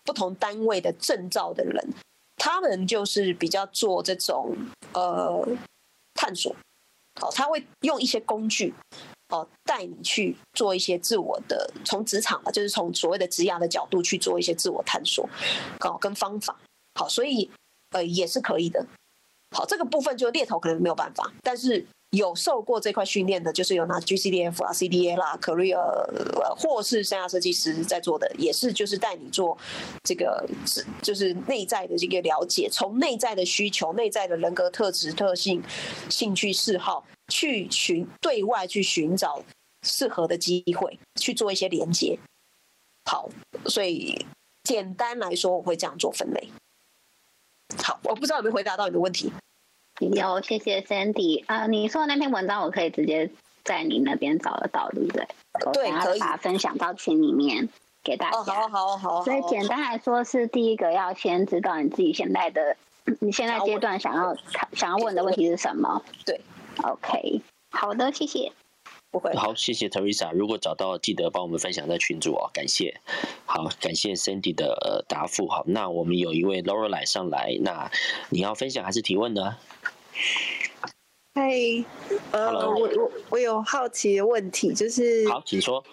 不同單位的證照的人，他們就是比較做這種呃探索，好、哦，他會用一些工具。哦，帶你去做一些自我的，從職場吧，就是從所謂的職涯的角度去做一些自我探索，哦，跟方法，好，所以，呃，也是可以的，好，這個部分就獵頭可能沒有辦法，但是。有受過這塊訓練的，就是有拿 GCDF 啊、CDA 啦、Career 或是生涯設計師在做的，也是就是帶你做這個，就是內在的這個了解，從內在的需求、內在的人格特質、特性、興趣嗜好去尋對外去尋找適合的機會，去做一些連接。好，所以簡單來說，我會這樣做分類。好，我不知道有沒有回答到你的問題。有，謝謝 Sandy，啊、呃，你說的那篇文章我可以直接在你那邊找得到，對不對？對，可以把分享到群裡面給大家。哦、好好好，好，好，所以簡單來說是第一個要先知道你自己現在的你現在階段想要想，想要問的問題是什麼？對，OK，好，好的，謝謝。不會，好，謝謝 Teresa，如果找到記得幫我們分享在群組哦。感謝。好，感謝 Sandy 的、呃、答覆。好，那我們有一位 Laura 來上來，那你要分享還是提問呢？嗨，呃，Hello. 我我我有好奇的問題，就是好，huh? 請說。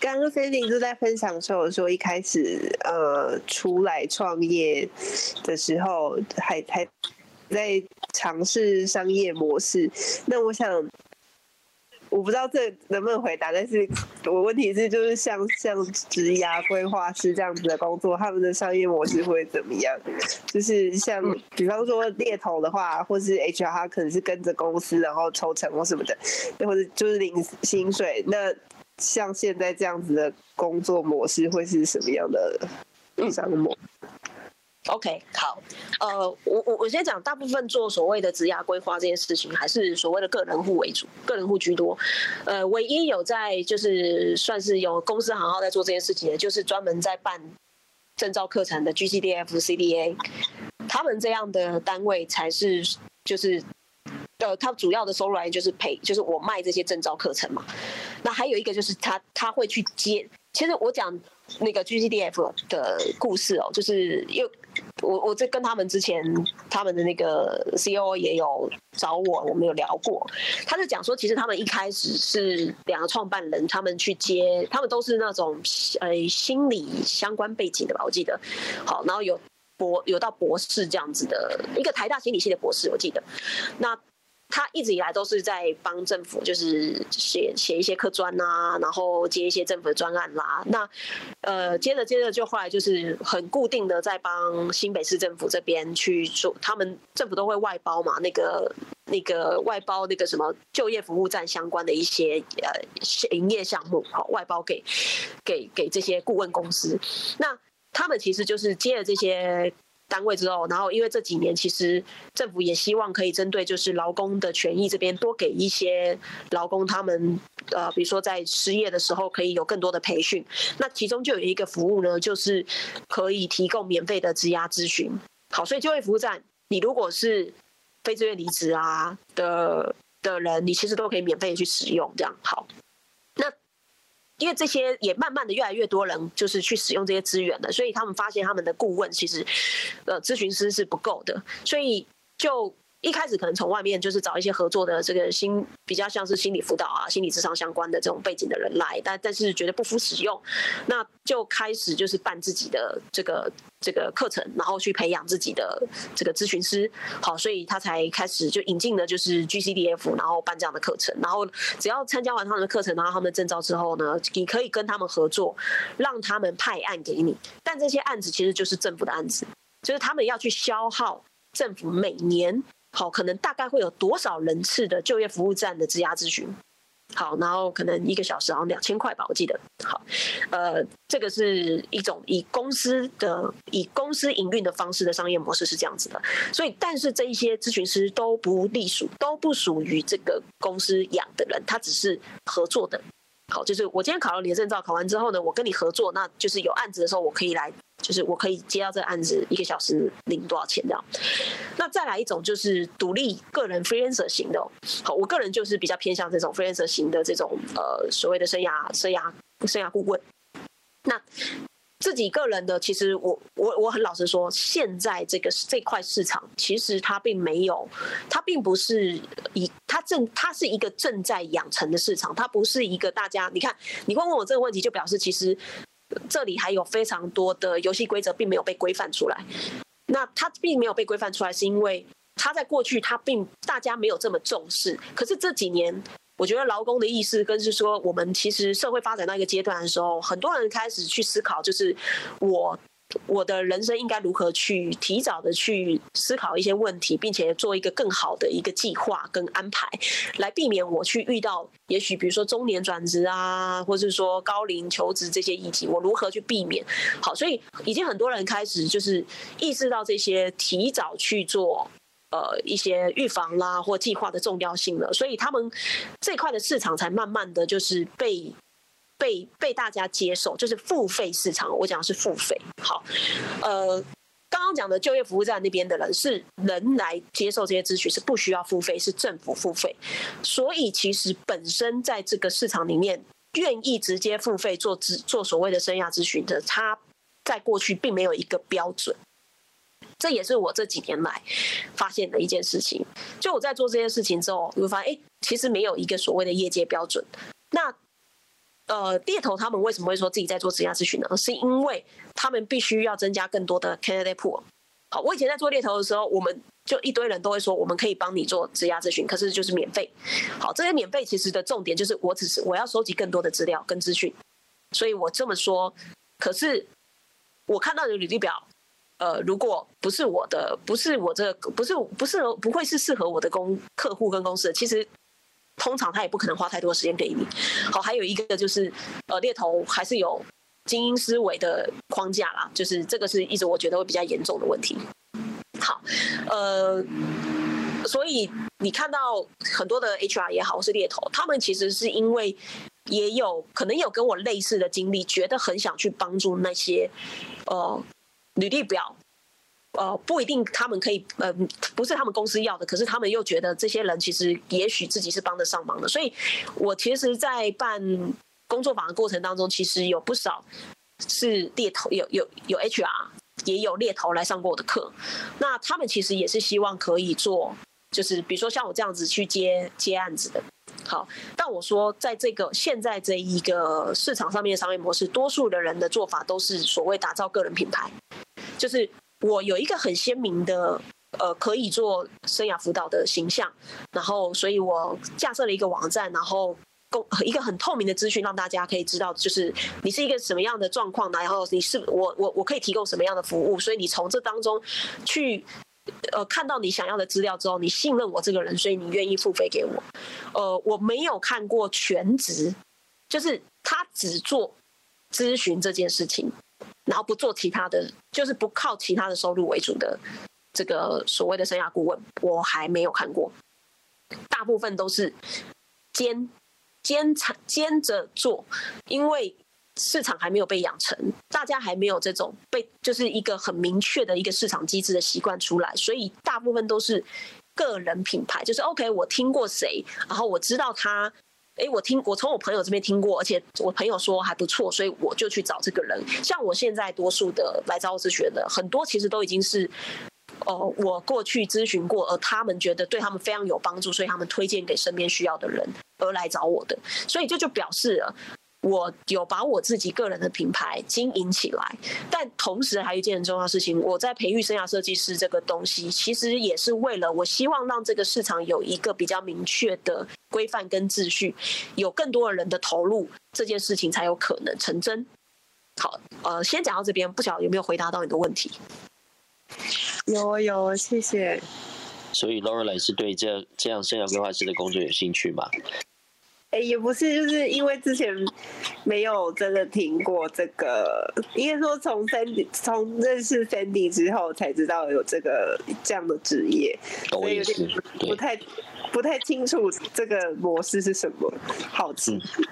剛剛菲林都在分享說，我說一開始呃，出來創業的時候，還還在嘗試商業模式。那我想。我不知道這能不能回答，但是我問題是就是像像職涯規劃師這樣子的工作，他們的商業模式會怎麼樣？就是像比方說獵頭的話，或是 HR，他可能是跟着公司然後抽成，或什麼的，或者就是領薪水。那像現在這樣子的工作模式會是什麼樣的商業模式？嗯 OK，好，呃，我我我先講，大部分做所謂的職涯規劃這件事情，還是所謂的個人戶為主，個人戶居多。呃，唯一有在就是算是有公司行號在做這件事情的，就是專門在辦證照課程的 GCDF CDA，他們這樣的單位才是就是，呃，他主要的收入來源就是 pay，就是我賣這些證照課程嘛。那還有一個就是他他會去接，其實我講那個 GCDF 的故事哦，就是又。我我在跟他們之前，他們的那個 C O O 也有找我，我們有聊過，他就講說，其實他們一開始是兩個創辦人，他們去接，他們都是那種呃心理相關背景的吧，我記得，好，然後有博有到博士這樣子的一個台大心理系的博士，我記得，那。他一直以來都是在幫政府，就是寫寫一些科專啦，然後接一些政府的專案啦、啊。那，呃，接着接着就後來就是很固定的在幫新北市政府這邊去做，他們政府都會外包嘛，那個那個外包那個什麼就業服務站相關的一些呃營業項目，好、呃、外包給給給這些顧問公司。那他們其實就是接了這些。單位之後，然後因為這幾年其實政府也希望可以針對就是勞工的權益這邊多給一些勞工他們呃，比如說在失業的時候可以有更多的培訓。那其中就有一個服務呢，就是可以提供免費的職涯諮詢。好，所以就業服務站，你如果是非自願離職啊的的人，你其實都可以免費去使用這樣好。因為這些也慢慢的越來越多人就是去使用這些資源了，所以他們發現他們的顧問其實，呃，諮詢師是不夠的，所以就。一開始可能從外面就是找一些合作的這個心比較像是心理輔導啊、心理智商相關的這種背景的人來，但但是覺得不敷使用，那就開始就是辦自己的這個這個課程，然後去培養自己的這個諮詢師。好，所以他才開始就引進了就是 G C D F，然後辦這樣的課程。然後只要參加完他們的課程，拿到他們的證照之後呢，你可以跟他們合作，讓他們派案給你。但這些案子其實就是政府的案子，就是他們要去消耗政府每年。好、哦，可能大概會有多少人次的就業服務站的質押諮詢？好，然後可能一個小時好像兩千塊吧，我記得。好，呃，這個是一種以公司的以公司營運的方式的商業模式是這樣子的。所以，但是這一些諮詢師都不隸屬，都不屬於這個公司養的人，他只是合作的。好，就是我今天考了你的證照，考完之後呢，我跟你合作，那就是有案子的時候，我可以來，就是我可以接到這個案子，一個小時領多少錢這樣。那再來一種就是獨立個人 freelancer 型的，哦，好，我個人就是比較偏向這種 freelancer 型的這種呃所謂的生涯生涯生涯顧問。那自己個人的，其實我我我很老實說，現在這個這塊市場，其實它並沒有，它並不是一，它正它是一個正在養成的市場，它不是一個大家，你看你會問我這個問題，就表示其實這裡還有非常多的遊戲規則並沒有被規範出來。那它並沒有被規範出來，是因為它在過去它並大家沒有這麼重視，可是這幾年。我覺得勞工的意思跟是說，我們其實社會發展到一個階段的時候，很多人開始去思考，就是我我的人生應該如何去提早的去思考一些問題，並且做一個更好的一個計劃跟安排，來避免我去遇到，也許比如說中年轉職啊，或者是說高齡求職這些議題，我如何去避免？好，所以已經很多人開始就是意識到這些，提早去做。呃，一些預防啦或計劃的重要性了，所以他們這塊的市場才慢慢的就是被被被大家接受，就是付費市場。我講的是付費。好，呃，剛剛講的就業服務站那邊的人是人來接受這些諮詢，是不需要付費，是政府付費。所以其實本身在這個市場裡面，願意直接付費做諮、做所謂的生涯諮詢的，他在過去並沒有一個標準。這也是我這幾年來發現的一件事情。就我在做這件事情之後，你會發現哎，其實沒有一個所謂的業界標準。那呃，獵頭他們為什麼會說自己在做職涯諮詢呢？是因為他們必須要增加更多的 candidate pool。好，我以前在做獵頭的時候，我們就一堆人都會說我們可以幫你做職涯諮詢，可是就是免費。好，這些免費其實的重點就是我只是我要收集更多的資料跟資訊。所以我這麼說，可是我看到的履歷表。呃，如果不是我的，不是我這個，不是不適合，不會是適合我的公客戶跟公司。其實通常他也不可能花太多時間給你。好，還有一個就是，呃，獵頭還是有精英思維的框架啦，就是這個是一直我覺得會比較嚴重的問題。好，呃，所以你看到很多的 HR 也好，或是獵頭，他們其實是因為也有可能有跟我類似的經歷，覺得很想去幫助那些，呃。履歷表，呃，不一定他們可以，呃，不是他們公司要的，可是他們又覺得這些人其實也許自己是幫得上忙的。所以，我其實，在辦工作坊的過程當中，其實有不少是獵頭，有有有 HR，也有獵頭來上過我的課。那他們其實也是希望可以做，就是比如說像我這樣子去接接案子的。好，但我說，在這個現在這一個市場上面的商業模式，多數的人的做法都是所謂打造個人品牌。就是我有一個很鮮明的，呃，可以做生涯輔導的形象，然後所以我架設了一個網站，然後供一個很透明的資訊，讓大家可以知道，就是你是一個什麼樣的狀況，然後你是我我我可以提供什麼樣的服務？所以你從這當中去呃看到你想要的資料之後，你信任我這個人，所以你願意付費給我。呃，我沒有看過全職，就是他只做諮詢這件事情。然後不做其他的，就是不靠其他的收入為主的這個所謂的生涯顧問，我還沒有看過。大部分都是兼兼兼着做，因為市場還沒有被養成，大家還沒有這種被就是一個很明確的一個市場機制的習慣出來，所以大部分都是個人品牌，就是 OK，我聽過誰，然後我知道他。哎，我聽我從我朋友這邊聽過，而且我朋友說還不錯，所以我就去找這個人。像我現在多數的來找我諮詢的，很多其實都已經是，哦、呃，我過去諮詢過，而他們覺得對他們非常有幫助，所以他們推薦給身邊需要的人而來找我的。所以這就表示了。我有把我自己個人的品牌經營起來，但同時還有一件很重要的事情，我在培育生涯設計師這個東西，其實也是為了我希望讓這個市場有一個比較明確的規範跟秩序，有更多的人的投入，這件事情才有可能成真。好，呃，先講到這邊，不曉得有沒有回答到你的問題？有有，謝謝。所以 Lorraine 是對這這樣生涯規劃師的工作有興趣嗎？也不是，就是因為之前沒有真的聽過這個，應該說從從認識 Sandy 之後才知道有這個這樣的職業，所以有點不太不太清楚這個模式是什麼，好奇。嗯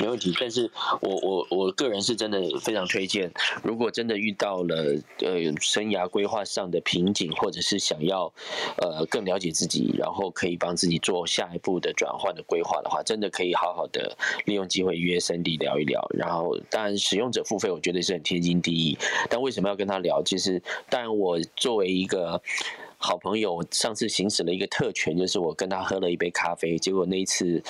沒問題，但是我我我個人是真的非常推薦，如果真的遇到了呃生涯規劃上的瓶頸，或者是想要呃更了解自己，然後可以幫自己做下一步的轉換的規劃的話，真的可以好好的利用機會約 Sandy 聊一聊。然後當然使用者付費，我覺得是很天經地義。但為什麼要跟他聊？其實，當然我作為一個好朋友，上次行使了一個特權，就是我跟他喝了一杯咖啡，結果那一次。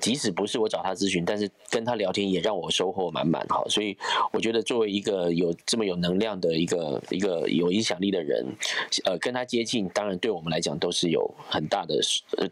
即使不是我找他諮詢，但是跟他聊天也讓我收穫滿滿哈。所以我覺得作為一個有這麼有能量的一個一個有影響力的人，呃，跟他接近，當然對我們來講都是有很大的，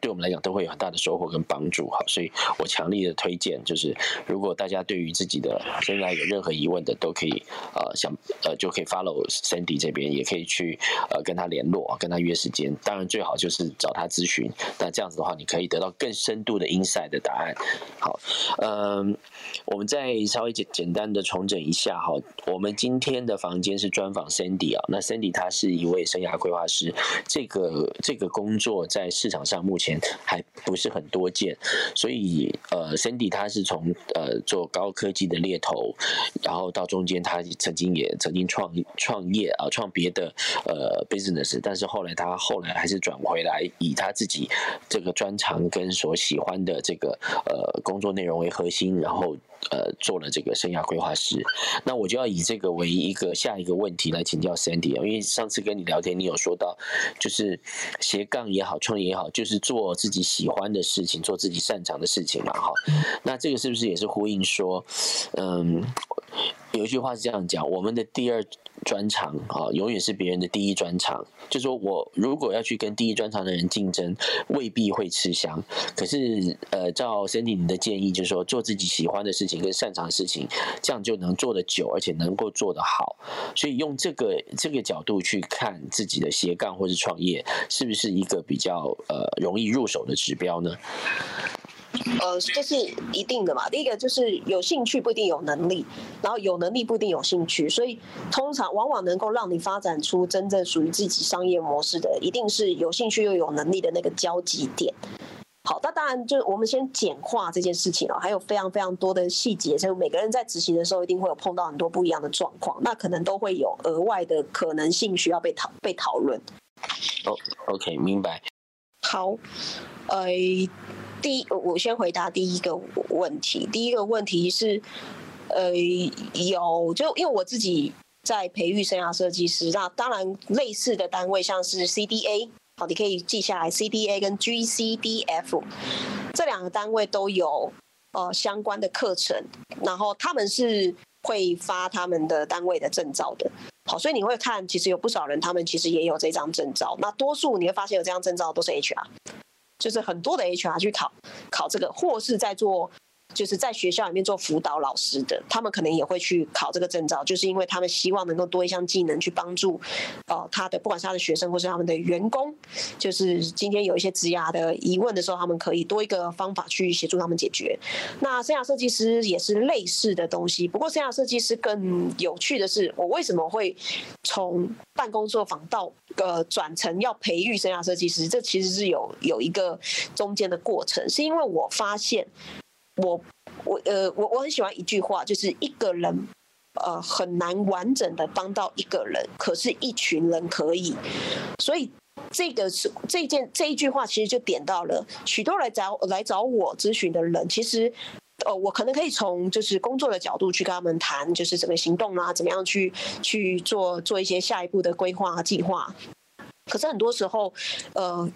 對我們來講都會有很大的收穫跟幫助哈。所以我強力的推薦，就是如果大家對於自己的生涯有任何疑問的，都可以呃想呃就可以 follow Sandy 這邊，也可以去呃跟他聯絡，跟他約時間。當然最好就是找他諮詢。那這樣子的話，你可以得到更深度的 insight 的答案。答。答案好，嗯，我們再稍微簡簡單的重整一下哈。我們今天的房間是專訪 Sandy 啊、哦，那 Sandy 她是一位生涯規劃師，這個這個工作在市場上目前還不是很多見，所以呃，Sandy 他是從呃做高科技的獵頭，然後到中間他曾經也曾經創創業啊、呃，創別的呃 business，但是後來他後來還是轉回來以他自己這個專長跟所喜歡的這個。呃，工作內容為核心，然後呃，做了這個生涯規劃師，那我就要以這個為一個下一個問題來請教 Sandy，因為上次跟你聊天，你有說到就是斜槓也好，創業也好，就是做自己喜歡的事情，做自己擅長的事情嘛，哈。那這個是不是也是呼應說，嗯，有一句話是這樣講，我們的第二。專長啊，永遠是別人的第一專長。就說我如果要去跟第一專長的人競爭，未必會吃香。可是呃，照 Sandy 你的建議，就是說做自己喜歡的事情跟擅長的事情，這樣就能做得久，而且能夠做得好。所以用這個這個角度去看自己的斜槓或是創業，是不是一個比較呃容易入手的指標呢？呃，這、就是一定的嘛。第一個就是有興趣不一定有能力，然後有能力不一定有興趣，所以通常往往能夠讓你發展出真正屬於自己商業模式的，一定是有興趣又有能力的那個交集點。好，那當然就我們先簡化這件事情了，還有非常非常多的細節，所以每個人在執行的時候一定會有碰到很多不一樣的狀況，那可能都會有額外的可能性需要被討被討論。Oh, OK，明白。好，哎、呃。第一，我先回答第一個問題。第一個問題是，呃，有就因為我自己在培育生涯設計師，那當然類似的單位像是 CDA，好，你可以記下來，CDA 跟 GCDF 這兩個單位都有呃相關的課程，然後他們是會發他們的單位的證照的。好，所以你會看，其實有不少人他們其實也有這張證照，那多數你會發現有這張證照都是 HR。就是很多的 HR 去考考這個，或是在做。就是在學校裡面做輔導老師的，他們可能也會去考這個證照，就是因為他們希望能夠多一項技能去幫助，呃，他的不管是他的學生或是他們的員工，就是今天有一些職涯的疑問的時候，他們可以多一個方法去協助他們解決。那生涯設計師也是類似的東西，不過生涯設計師更有趣的是，我為什麼會從辦工作坊到呃轉成要培育生涯設計師？這其實是有有一個中間的過程，是因為我發現。我我呃我我很喜歡一句話，就是一個人，呃，很難完整的幫到一個人，可是，一群人可以。所以，這個，這個是這件這一句話其實就點到了許多來找來找我諮詢的人。其實，呃，我可能可以從就是工作的角度去跟他們談，就是怎麼行動啊，怎麼樣去去做做一些下一步的規劃和計劃。可是，很多時候，呃。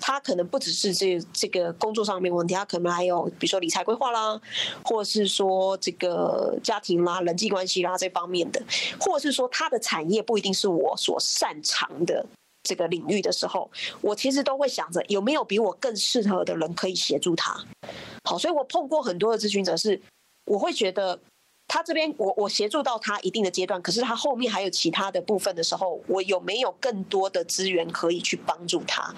他可能不只是這這個工作上面問題，他可能還有比如說理財規劃啦，或者是說這個家庭啦、人際關係啦這方面的，或者是說他的產業不一定是我所擅長的這個領域的時候，我其實都會想着有沒有比我更適合的人可以協助他。好，所以我碰過很多的諮詢者是，是我會覺得。他這邊，我我協助到他一定的階段，可是他後面還有其他的部分的時候，我有沒有更多的資源可以去幫助他？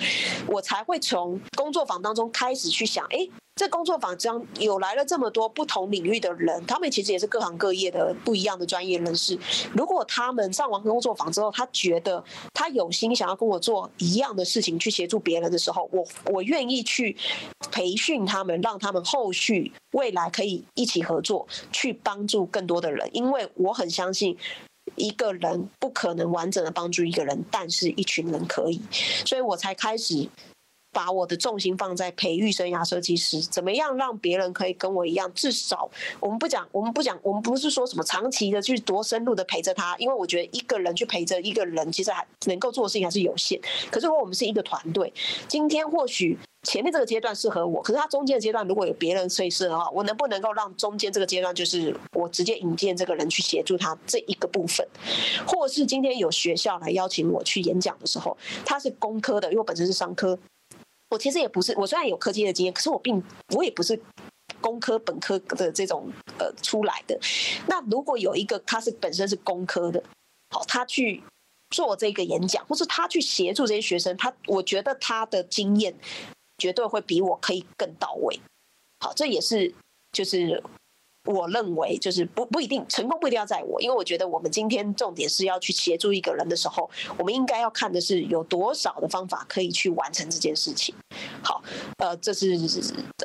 我才會從工作坊當中開始去想，哎、欸。在工作坊將有來了這麼多不同領域的人，他們其實也是各行各業的不一樣的專業人士。如果他們上完工作坊之後，他覺得他有心想要跟我做一樣的事情去協助別人的時候，我我願意去培訓他們，讓他們後續未來可以一起合作去幫助更多的人。因為我很相信一個人不可能完整的幫助一個人，但是一群人可以，所以我才開始。把我的重心放在培育生涯設計師，怎麼樣讓別人可以跟我一樣？至少我們不講，我們不講，我們不是說什麼長期的去多深入的陪着他，因為我覺得一個人去陪着一個人，其實還能夠做的事情還是有限。可是如果我們是一個團隊，今天或許前面這個階段適合我，可是他中間的階段如果有別人以適合的話，我能不能夠讓中間這個階段就是我直接引薦這個人去協助他這一個部分，或是今天有學校來邀請我去演講的時候，他是工科的，因為我本身是商科。我其實也不是，我雖然有科技的經驗，可是我並我也不是工科本科的這種呃出來的。那如果有一個他是本身是工科的，好，他去做我這個演講，或是他去協助這些學生，他我覺得他的經驗絕對會比我可以更到位。好，這也是就是。我認為就是不不一定成功不一定要在我，因為我覺得我們今天重點是要去協助一個人的時候，我們應該要看的是有多少的方法可以去完成這件事情。好，呃，這是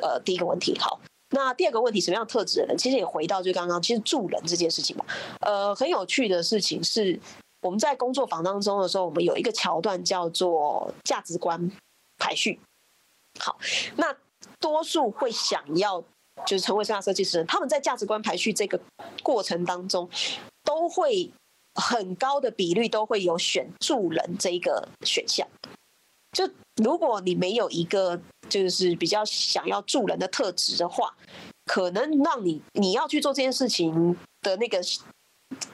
呃第一個問題。好，那第二個問題，什麼樣特質的人？其實也回到就剛剛，其實助人這件事情吧，呃，很有趣的事情是我們在工作坊當中的時候，我們有一個橋段叫做價值觀排序。好，那多數會想要。就是成為生涯設計師，他們在價值觀排序這個過程當中，都會很高的比率都會有選助人這一個選項。就如果你沒有一個就是比較想要助人的特質的話，可能讓你你要去做這件事情的那個，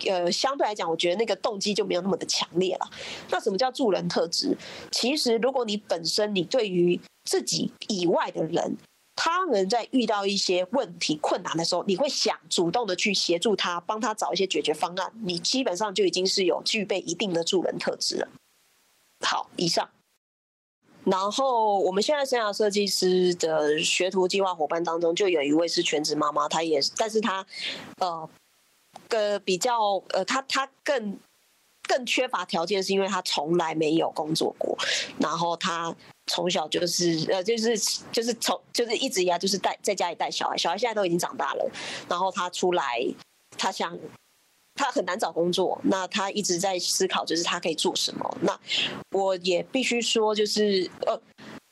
呃，相對來講，我覺得那個動機就沒有那麼的強烈了。那什麼叫助人特質？其實如果你本身你對於自己以外的人。他們在遇到一些問題困難的時候，你會想主動的去協助他，幫他找一些解決方案。你基本上就已經是有具備一定的助人特質了。好，以上。然後我們現在生涯設計師的學徒計劃伙伴當中，就有一位是全職媽媽，她也是，但是她，呃，呃，比較呃，她她更更缺乏條件，是因為她從來沒有工作過，然後她。從小就是呃，就是就是從就是一直呀，就是帶在家裡帶小孩。小孩現在都已經長大了，然後他出來，他想他很難找工作。那他一直在思考，就是他可以做什麼。那我也必須說，就是呃，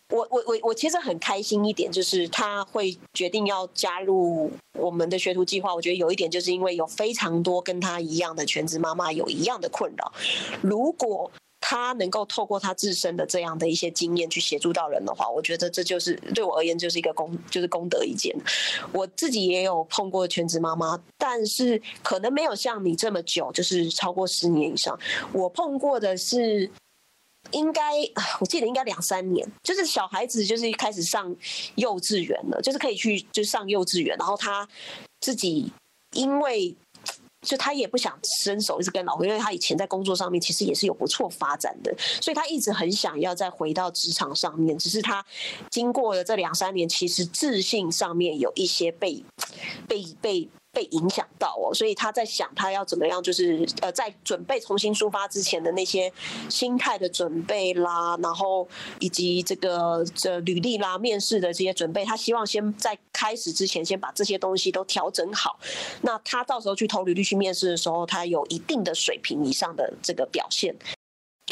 我我我我其實很開心一點，就是他會決定要加入我們的學徒計劃。我覺得有一點就是因為有非常多跟他一樣的全職媽媽有一樣的困擾。如果他能夠透過他自身的這樣的一些經驗去協助到人的話，我覺得這就是對我而言就是一個功，就是功德一件。我自己也有碰過全職媽媽，但是可能沒有像你這麼久，就是超過十年以上。我碰過的是，應該我記得應該兩三年，就是小孩子就是一開始上幼稚園了，就是可以去就上幼稚園，然後他自己因為。所以，他也不想伸手一直跟老婆，因為他以前在工作上面其實也是有不錯發展的，所以他一直很想要再回到職場上面。只是他經過了這兩三年，其實自信上面有一些被被被。被被影響到哦，所以他在想他要怎麼樣，就是呃，在準備重新出發之前的那些心態的準備啦，然後以及這個這履歷啦、面試的這些準備，他希望先在開始之前先把這些東西都調整好。那他到時候去投履歷去面試的時候，他有一定的水平以上的這個表現。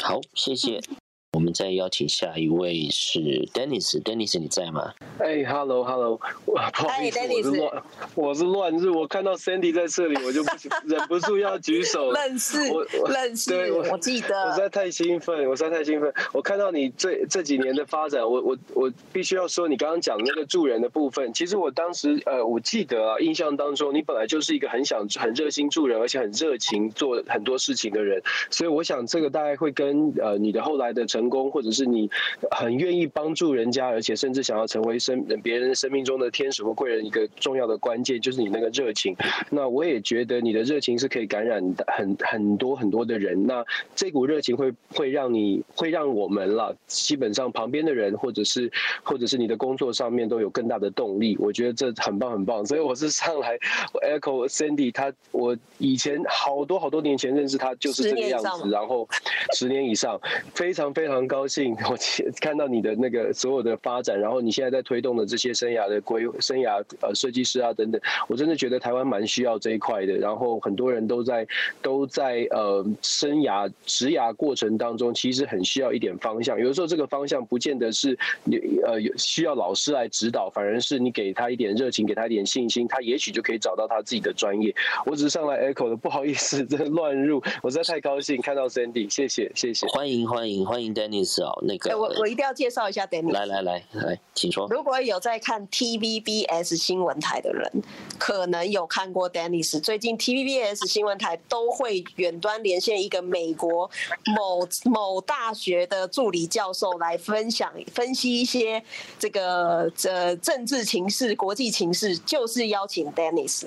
好，謝謝。 我們再邀請下一位是 Dennis，Dennis，Dennis 你在嗎？哎，hey，Hello，Hello，不好意思，hey, 我是亂，我是亂日。我看到 Sandy 在這裡， 我就不忍不住要舉手。 認識，我我認識，對我我記得。我實在太興奮，我實在太興奮。我看到你這這幾年的發展，我我我必須要說，你剛剛講那個助人的部分，其實我當時呃，我記得啊，印象當中，你本來就是一個很想很熱心助人，而且很熱情做很多事情的人。所以我想，這個大概會跟呃你的後來的成成功，或者是你很願意幫助人家，而且甚至想要成為生別人生命中的天使和貴人，一個重要的關鍵就是你那個熱情。那我也覺得你的熱情是可以感染的很很多很多的人。那這股熱情會會讓你會讓我們了，基本上旁邊的人或者是或者是你的工作上面都有更大的動力。我覺得這很棒很棒。所以我是上來我 echo Sandy 他我以前好多好多年前認識他就是這個樣子，然後十年以上，非常非常。非常高興，我看到你的那個所有的發展，然後你現在在推動的這些生涯的規生涯呃設計師啊等等，我真的覺得台灣蠻需要這一塊的。然後很多人都在都在呃生涯職涯過程當中，其實很需要一點方向。有的時候這個方向不見得是有呃需要老師來指導，反而是你給他一點熱情，給他一點信心，他也許就可以找到他自己的專業。我只是上來 echo 的，不好意思，這亂入，我實在太高興看到 Sandy，謝謝謝謝，歡迎歡迎歡迎。歡迎 Dennis 哦，那個，我我一定要介紹一下 Dennis。來來來來，請說。如果有在看 TVBS 新聞台的人，可能有看過 Dennis。最近 TVBS 新聞台都會遠端連線一個美國某某大學的助理教授來分享、分析一些這個這、呃、政治情勢、國際情勢，就是邀請 Dennis。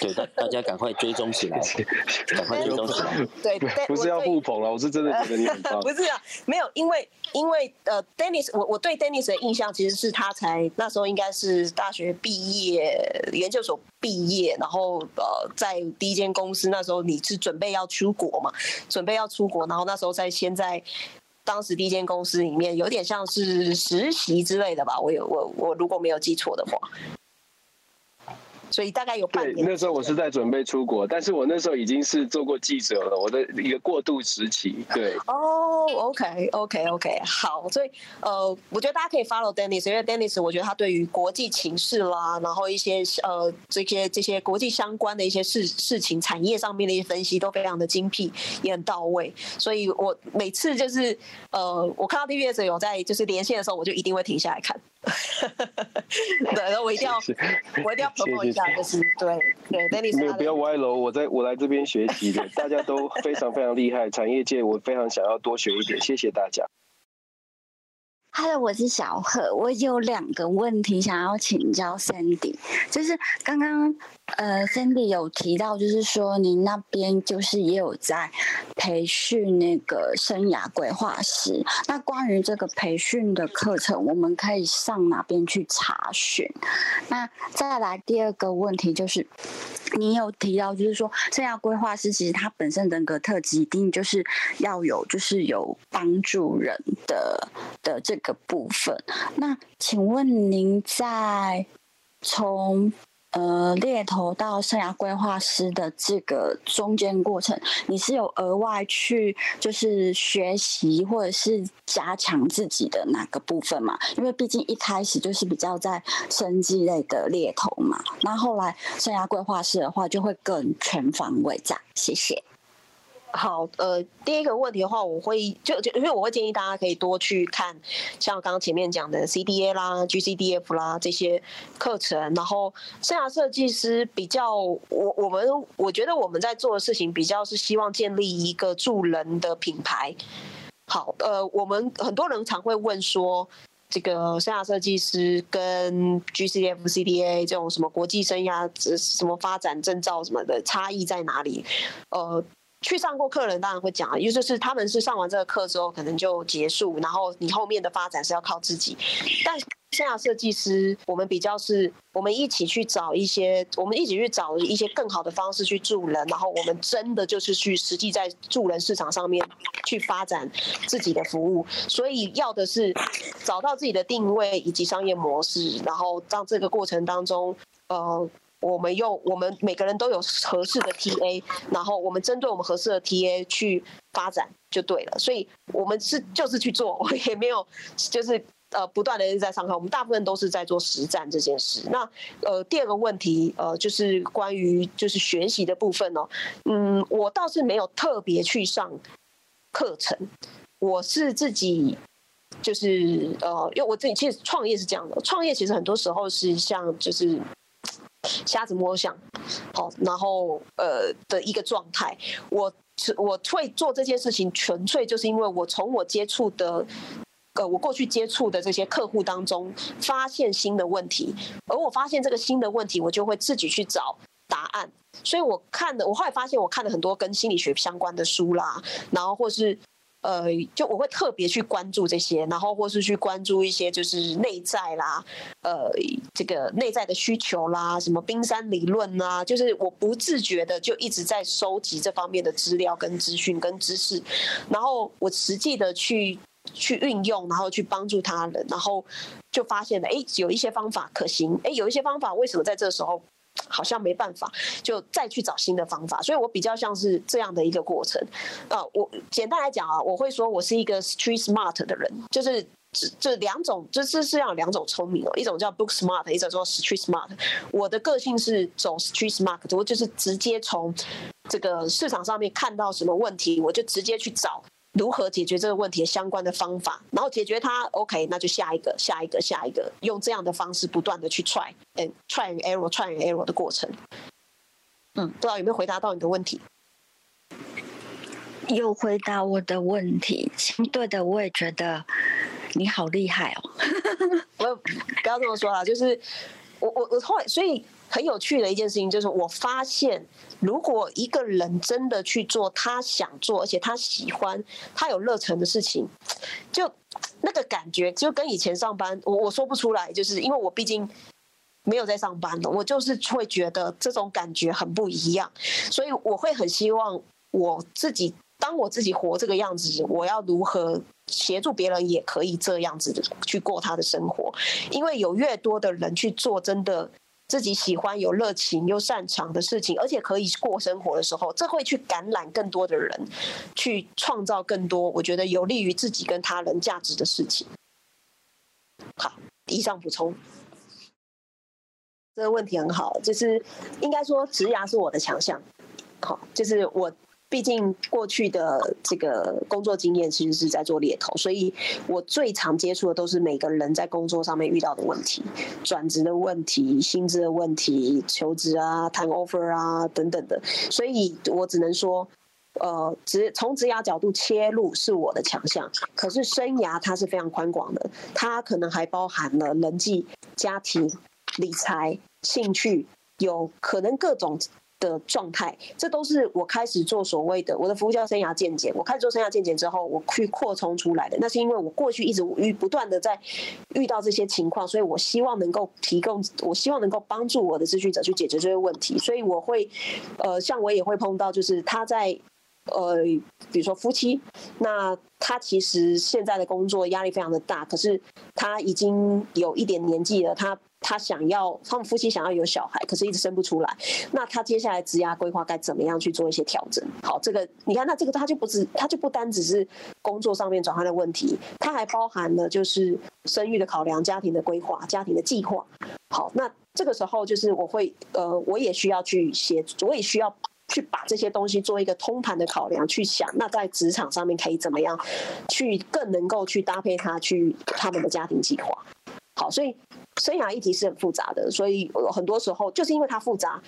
對，大大家趕快追蹤起來，趕 快追蹤起來。 對，不是要互捧了，我是真的覺得你很棒。 不是啊，沒有，因為因為呃，Dennis，我我對 Dennis 的印象其實是他才那時候應該是大學畢業，研究所畢業，然後呃，在第一間公司那時候你是準備要出國嘛？準備要出國，然後那時候在現在當時第一間公司裡面有點像是實習之類的吧？我有我我如果沒有記錯的話。所以大概有半年對。那時候我是在準備出國，但是我那時候已經是做過記者了，我的一個過渡時期。對。哦、oh,，OK，OK，OK，、okay, okay, okay. 好。所以呃，我覺得大家可以 follow Dennis，因為 Dennis，我覺得他對於國際情勢啦，然後一些呃這些這些國際相關的一些事事情、產業上面的一些分析都非常的精闢，也很到位。所以我每次就是呃，我看到 Dennis 有在就是連線的時候，我就一定會停下來看。 對，然後我一定要謝謝，我一定要捧我一下。謝謝 就是、對，對，沒有不要歪樓。我在我來這邊學習的， 大家都非常非常厲害，產業界我非常想要多學一點。謝謝大家。 Hello，我是小賀，我有兩個問題想要請教 Sandy，就是剛剛。呃，Sandy 有提到，就是說您那邊就是也有在培訓那個生涯規劃師。那關於這個培訓的課程，我們可以上哪邊去查詢？那再來第二個問題就是，您有提到，就是說生涯規劃師其實他本身人格特質一定就是要有，就是有幫助人的的這個部分。那請問您在從，呃，獵頭到生涯規劃師的這個中間過程，你是有額外去就是學習或者是加強自己的哪個部分嘛？因為畢竟一開始就是比較在生技類的獵頭嘛，那後，後來生涯規劃師的話就會更全方位。在，謝謝。好，呃，第一個問題的話，我會就就因為我會建議大家可以多去看像我剛剛前面講的 CDA 啦、GCDF 啦這些課程，然後生涯設計師比較，我我們我覺得我們在做的事情比較是希望建立一個助人的品牌。好，呃，我們很多人常會問說，這個生涯設計師跟 GCDF、CDA 這種什麼國際生涯什麼發展證照什麼的差異在哪裡？呃。去上過課的人當然會講啊，因為就是他們是上完這個課之後，可能就結束，然後你後面的發展是要靠自己。但現在設計師，我們比較是我們一起去找一些，我們一起去找一些更好的方式去助人，然後我們真的就是去實際在助人市場上面去發展自己的服務。所以要的是找到自己的定位以及商業模式，然後在這個過程當中，呃。我們用我們每個人都有合適的 TA，然後我們針對我們合適的 TA 去發展就對了。所以我們是就是去做，我也沒有就是呃不斷的在上課，我們大部分都是在做實戰這件事。那呃第二個問題呃就是關於就是學習的部分哦，嗯，我倒是沒有特別去上課程，我是自己就是呃，因為我自己其實創業是這樣的，創業其實很多時候是像就是。瞎子摸象，好，然後呃的一個狀態，我我會做這件事情，純粹就是因為我從我接觸的，呃，我過去接觸的這些客戶當中發現新的問題，而我發現這個新的問題，我就會自己去找答案。所以我看的，我後來發現我看了很多跟心理學相關的書啦，然後或是。呃，就我會特別去關注這些，然後或是去關注一些就是內在啦，呃，這個內在的需求啦，什麼冰山理論啦。就是我不自覺的就一直在收集這方面的資料、跟資訊、跟知識，然後我實際的去去運用，然後去幫助他人，然後就發現了，誒，有一些方法可行，誒，有一些方法為什麼在這時候？好像沒辦法，就再去找新的方法。所以我比較像是這樣的一個過程。呃，我簡單來講啊，我會說，我是一個 street smart 的人，就是這兩種，就是實際上有兩種聰明哦，一種叫 book smart，一種叫 street smart。我的個性是走 street smart，我就是直接從這個市場上面看到什麼問題，我就直接去找。如何解決這個問題的相關的方法，然後解決它，OK，那就下一個，下一個，下一個，用這樣的方式不斷的去 try，嗯，try and error，try and error 的過程。嗯，不知道有沒有回答到你的問題？有回答我的問題，對的，我也覺得你好厲害哦。 我不要這麼說啦，就是。我我我後來，所以很有趣的一件事情就是，我發現如果一個人真的去做他想做，而且他喜歡，他有熱忱的事情，就那個感覺就跟以前上班，我我說不出來，就是因為我畢竟沒有在上班了，我就是會覺得這種感覺很不一樣，所以我會很希望我自己當我自己活這個樣子，我要如何？協助別人也可以這樣子去過他的生活，因為有越多的人去做真的自己喜歡、有熱情又擅長的事情，而且可以過生活的時候，這會去感染更多的人，去創造更多我覺得有利於自己跟他人價值的事情。好，以上補充。這個問題很好，就是應該說職涯是我的強項。好，就是我。畢竟過去的這個工作經驗其實是在做獵頭，所以我最常接觸的都是每個人在工作上面遇到的問題，轉職的問題、薪資的問題、求職啊、談 offer 啊等等的。所以我只能說，呃，職從職涯角度切入是我的強項。可是生涯它是非常寬廣的，它可能還包含了人際、家庭、理財、興趣，有可能各種。的狀態，這都是我開始做所謂的我的服務叫生涯見解。我開始做生涯見解之後，我去擴充出來的，那是因為我過去一直遇不斷的在遇到這些情況，所以我希望能夠提供，我希望能夠幫助我的諮詢者去解決這些問題。所以我會，呃，像我也會碰到，就是他在。呃，比如說夫妻，那他其實現在的工作壓力非常的大，可是他已經有一點年紀了，他他想要他們夫妻想要有小孩，可是一直生不出來。那他接下來職涯規劃該怎麼樣去做一些調整？好，這個你看，那這個他就不只，他就不單只是工作上面轉換的問題，他還包含了就是生育的考量、家庭的規劃、家庭的計劃。好，那這個時候就是我會呃，我也需要去協，我也需要。去把這些東西做一個通盤的考量，去想那在職場上面可以怎麼樣，去更能夠去搭配他去他們的家庭計劃。好，所以生涯議題是很複雜的，所以很多時候就是因為它複雜，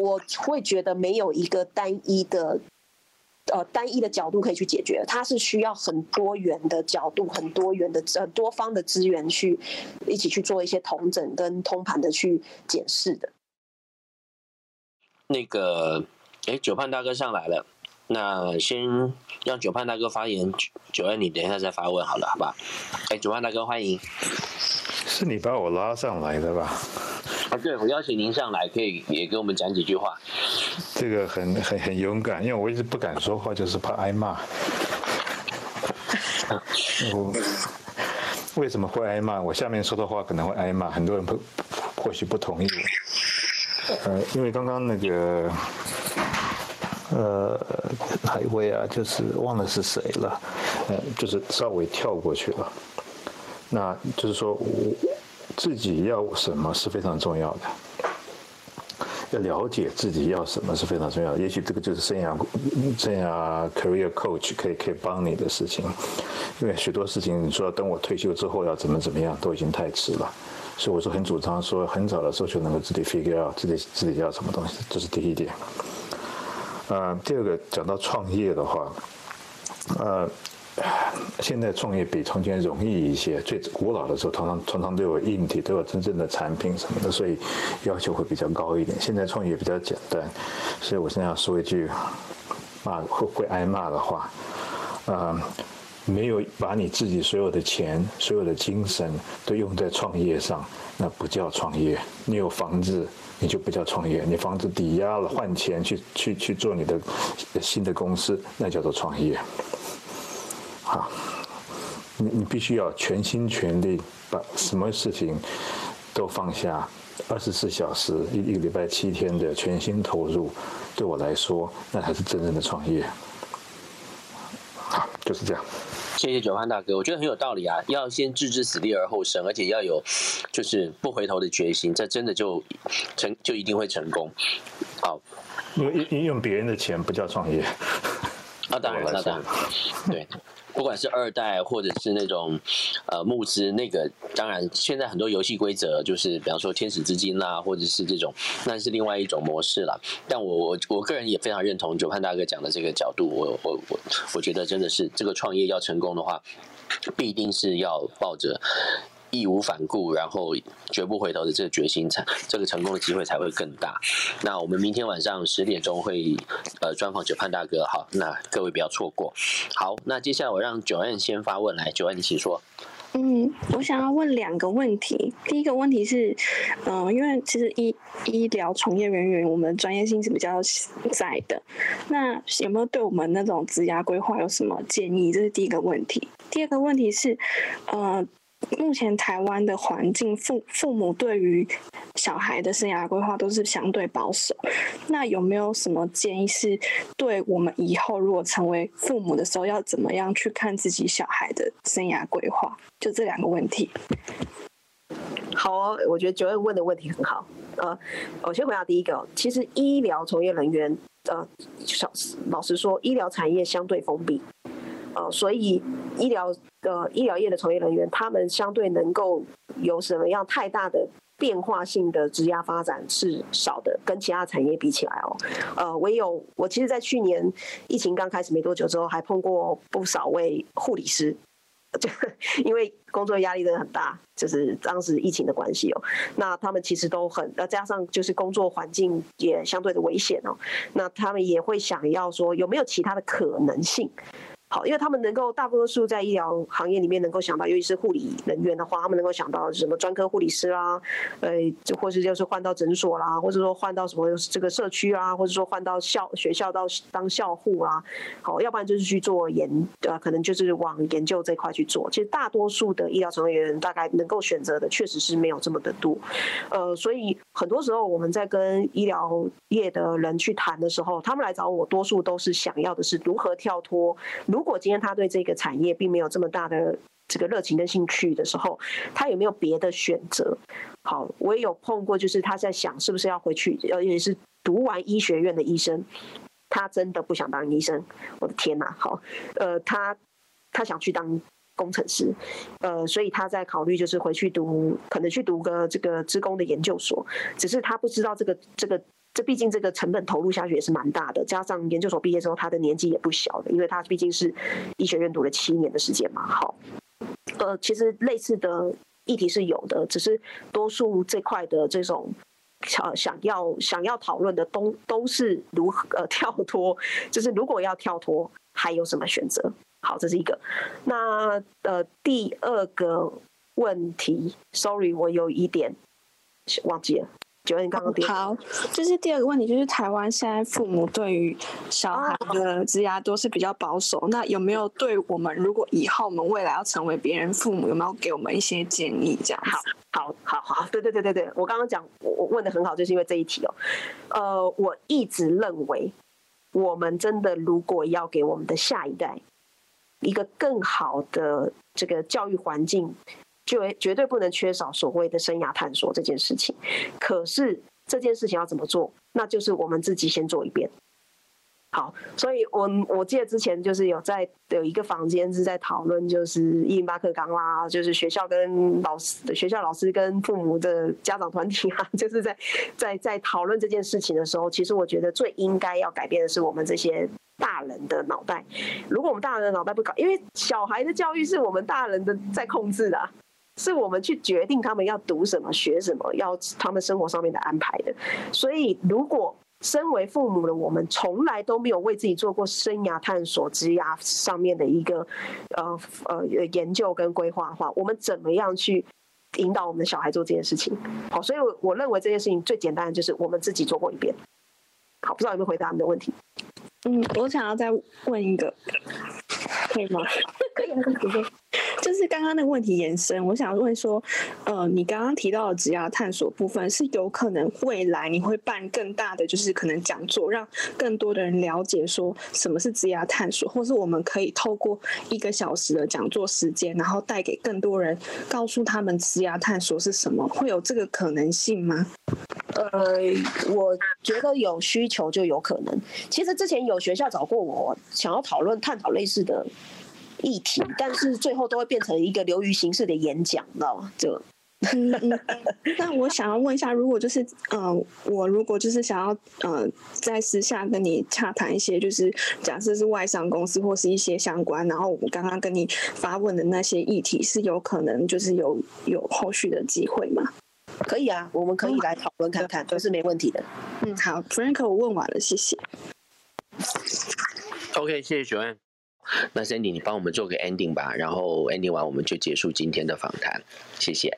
我會覺得沒有一個單一的呃單一的角度可以去解決，它是需要很多元的角度、很多元的呃多方的資源去一起去做一些統整跟通盤的去檢視的。那個。哎，九盼大哥上來了，那先讓九盼大哥發言。九愛，你等一下再發問好了，好吧？哎，九盼大哥，歡迎。是你把我拉上來的吧？啊，對，我邀請您上來，可以也給我們講幾句話。這個很很很勇敢，因為我一直不敢說話，就是怕挨罵。 我為什麼會挨罵？我下面說的話可能會挨罵，很多人不或許不同意。呃，因為剛剛那個。呃，哪一位啊？就是忘了是誰了，嗯、呃，就是稍微跳過去了。那就是說我自己要什麼是非常重要的，要了解自己要什麼是非常重要的。也許這個就是生涯生涯 career coach 可以可以幫你的事情，因為許多事情你說等我退休之後要怎麼怎麼樣都已經太遲了，所以我說很主張說很早的時候就能夠自己 figure out 自己自己要什麼東西，這是第一點。呃，第二個講到創業的話，呃，現在創業比從前容易一些。最古老的時候，常常、常常都有硬體，都有真正的產品什麼的，所以要求會比較高一點。現在創業比較簡單，所以我現在要說一句罵會會挨罵的話，啊、呃，沒有把你自己所有的錢、所有的精神都用在創業上，那不叫創業。你有房子。你就不叫創業，你房子抵押了換錢去去去做你的新的公司，那叫做創業。好，你你必須要全心全力把什麼事情都放下，二十四小時，一一個禮拜七天的全心投入，對我來說那才是真正的創業。好，就是這樣。謝謝九帆大哥，我覺得很有道理啊！要先置之死地而後生，而且要有就是不回頭的決心，這真的就成就一定會成功。好。因為，因為用別人的錢不叫創業。那當然，那當然，對。 對 說的 不管是二代，或者是那種，呃，募資那個，當然現在很多遊戲規則就是，比方說天使資金啦、啊，或者是這種，那是另外一種模式啦。但我我我個人也非常認同九潘大哥講的這個角度，我我我我覺得真的是這個創業要成功的話，必定是要抱着。義無反顧，然後絕不回頭的這個決心，才這個成功的機會才會更大。那我們明天晚上十點鐘會呃專訪九盼大哥，好，那各位不要錯過。好，那接下來我讓九安先發問來，九安你請說。嗯，我想要問兩個問題。第一個問題是，嗯、呃，因為其實醫醫療從業人員我們專業性是比較窄的，那有沒有對我們那種職涯規劃有什麼建議？這是第一個問題。第二個問題是，呃。目前台灣的環境，父父母對於小孩的生涯規劃都是相對保守。那有沒有什麼建議是，對我們以後如果成為父母的時候，要怎麼樣去看自己小孩的生涯規劃？就這兩個問題。好哦，我覺得九月問的問題很好。呃，我先回答第一個。其實醫療從業人員，呃，老實說，醫療產業相對封閉。呃，所以醫療的、呃、醫療業的從業人員，他們相對能夠有什麼樣太大的變化性的職涯發展是少的，跟其他產業比起來哦。呃，唯有我其實，在去年疫情剛開始沒多久之後，還碰過不少位護理師，就因為工作壓力真的很大，就是當時疫情的關係哦。那他們其實都很，呃，加上就是工作環境也相對的危險哦，那他們也會想要說，有沒有其他的可能性？好，因為他們能夠大多數在醫療行業裡面能夠想到，尤其是護理人員的話，他們能夠想到什麼專科護理師啦、啊，呃，就或是就是換到診所啦，或者說換到什麼這個社區啊，或者說換到校學校到當校護啦、啊，好，要不然就是去做研，呃，可能就是往研究這塊去做。其實大多數的醫療從業人員大概能夠選擇的，確實是沒有這麼的多，呃，所以很多時候我們在跟醫療業的人去談的時候，他們來找我，多數都是想要的是如何跳脫，如如果今天他對這個產業並沒有這麼大的這個熱情跟興趣的時候，他有沒有別的選擇？好，我也有碰過，就是他在想是不是要回去，呃，也是讀完醫學院的醫生，他真的不想當醫生，我的天哪、啊！好，呃，他他想去當工程師，呃，所以他在考慮就是回去讀，可能去讀個這個資工的研究所，只是他不知道這個這個。這畢竟這個成本投入下去也是蠻大的，加上研究所畢業之後，他的年紀也不小的，因為他畢竟是醫學院讀了七年的時間嘛。好，呃，其實類似的議題是有的，只是多數這塊的這種呃想要想要討論的都都是如何呃跳脫，就是如果要跳脫，還有什麼選擇？好，這是一個。那呃第二個問題，sorry，我有一點忘記了。九點剛剛好，就是第二個問題，就是台灣現在父母對於小孩的職涯都是比較保守，oh. 那有沒有對我們，如果以後我們未來要成為別人父母，有沒有給我們一些建議？這樣好好好，對對對對對，我剛剛講我問的很好，就是因為這一題哦，呃，我一直認為我們真的如果要給我們的下一代一個更好的這個教育環境。就絕對不能缺少所謂的生涯探索這件事情，可是這件事情要怎麼做？那就是我們自己先做一遍。好，所以我我記得之前就是有在有一個房間是在討論，就是一零八課綱啦，就是學校跟老師、學校老師跟父母的家長團體啊，就是在在在討論這件事情的時候，其實我覺得最應該要改變的是我們這些大人的腦袋。如果我們大人的腦袋不搞，因為小孩的教育是我們大人的在控制的、啊。是我們去決定他們要讀什麼、學什麼、要他們生活上面的安排的。所以，如果身為父母的我們，從來都沒有為自己做過生涯探索、職涯上面的一個呃呃研究跟規劃的話，我們怎麼樣去引導我們的小孩做這件事情？好，所以，我我認為這件事情最簡單的就是我們自己做過一遍。好，不知道有沒有回答你的問題？嗯，我想要再問一個，可以嗎？可以啊，就是剛剛那個問題延伸，我想問說，呃，你剛剛提到的職涯探索部分，是有可能未來你會辦更大的，就是可能講座，讓更多的人了解說什麼是職涯探索，或是我們可以透過一個小時的講座時間，然後帶給更多人，告訴他們職涯探索是什麼，會有這個可能性嗎？呃，我覺得有需求就有可能。其實之前有學校找過我，想要討論探討類似的。議題，但是最後都會變成一個流於形式的演講，就 知道嗎？那 我想要問一下，如果就是，嗯、呃，我如果就是想要，嗯、呃，在私下跟你洽談一些，就是假設是外商公司或是一些相關，然後我們剛剛跟你發問的那些議題，是有可能就是有有後續的機會嗎？可以啊，我們可以來討論看看，都、嗯就是沒問題的。嗯，好嗯，Frank，我問完了，謝謝。OK，謝謝 Joanne 那 Sandy，你幫我們做個 ending 吧，然後 ending 完我們就結束今天的訪談，謝謝。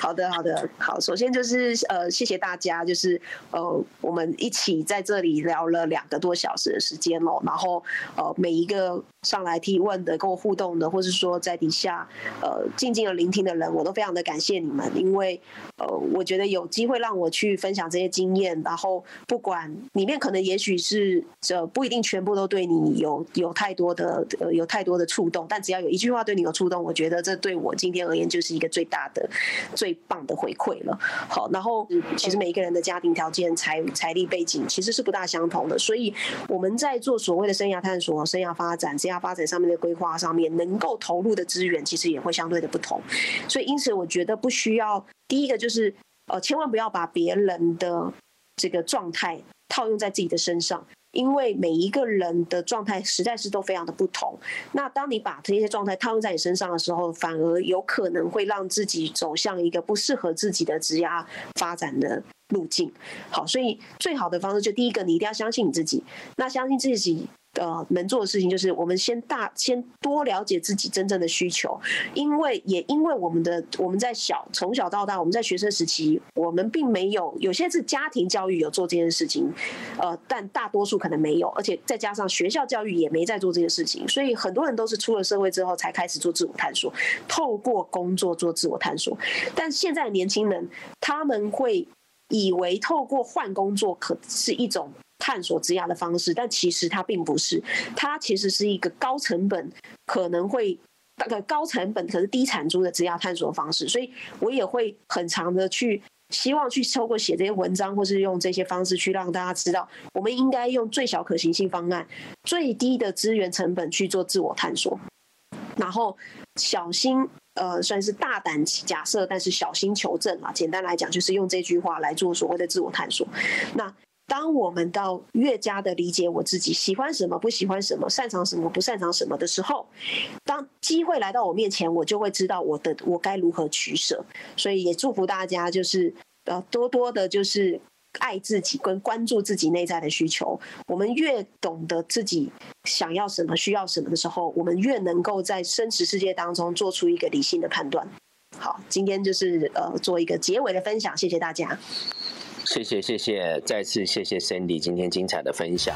好的，好的，好，首先就是呃，謝謝大家，就是呃，我們一起在這裡聊了兩個多小時的時間咯，然後呃，每一個。上來提問的、跟我互動的，或是說在底下呃靜靜的聆聽的人，我都非常的感謝你們，因為呃，我覺得有機會讓我去分享這些經驗，然後不管裡面可能也許是這、呃、不一定全部都對你有有太多的呃有太多的觸動，但只要有一句話對你有觸動，我覺得這對我今天而言就是一個最大的、最棒的回饋了。好，然後其實每一個人的家庭條件、財財力背景其實是不大相同的，所以我們在做所謂的生涯探索、生涯發展這樣。發展上面的規劃上面，能夠投入的資源其實也會相對的不同，所以因此我覺得不需要第一個就是呃，千萬不要把別人的這個狀態套用在自己的身上，因為每一個人的狀態實在是都非常的不同。那當你把這些狀態套用在你身上的時候，反而有可能會讓自己走向一個不適合自己的職業發展的路徑。好，所以最好的方式就第一個，你一定要相信你自己，那相信自己。呃，能做的事情就是我們先大，先多了解自己真正的需求，因為也因為我們的我們在小從小到大，我們在學生時期，我們並沒有，有些是家庭教育有做這件事情，呃，但大多數可能沒有，而且再加上學校教育也沒在做這件事情，所以很多人都是出了社會之後才開始做自我探索，透過工作做自我探索，但現在的年輕人他們會以為透過換工作可是一種。探索職涯的方式，但其實它並不是，它其實是一個高成本，可能會大概高成本可是低產出的職涯探索方式。所以我也會很常的去希望去透過寫這些文章，或是用這些方式去讓大家知道，我們應該用最小可行性方案、最低的資源成本去做自我探索，然後小心呃，算是大膽假設，但是小心求證啊。簡單來講，就是用這句話來做所謂的自我探索。那。當我們到越加的理解我自己喜歡什麼不喜歡什麼擅長什麼不擅長什麼的時候，當機會來到我面前，我就會知道我的我該如何取捨。所以也祝福大家，就是呃多多的，就是愛自己跟關注自己內在的需求。我們越懂得自己想要什麼、需要什麼的時候，我們越能夠在真實世界當中做出一個理性的判斷。好，今天就是呃做一個結尾的分享，謝謝大家。謝謝，謝謝，再次謝謝 Sandy 今天精彩的分享。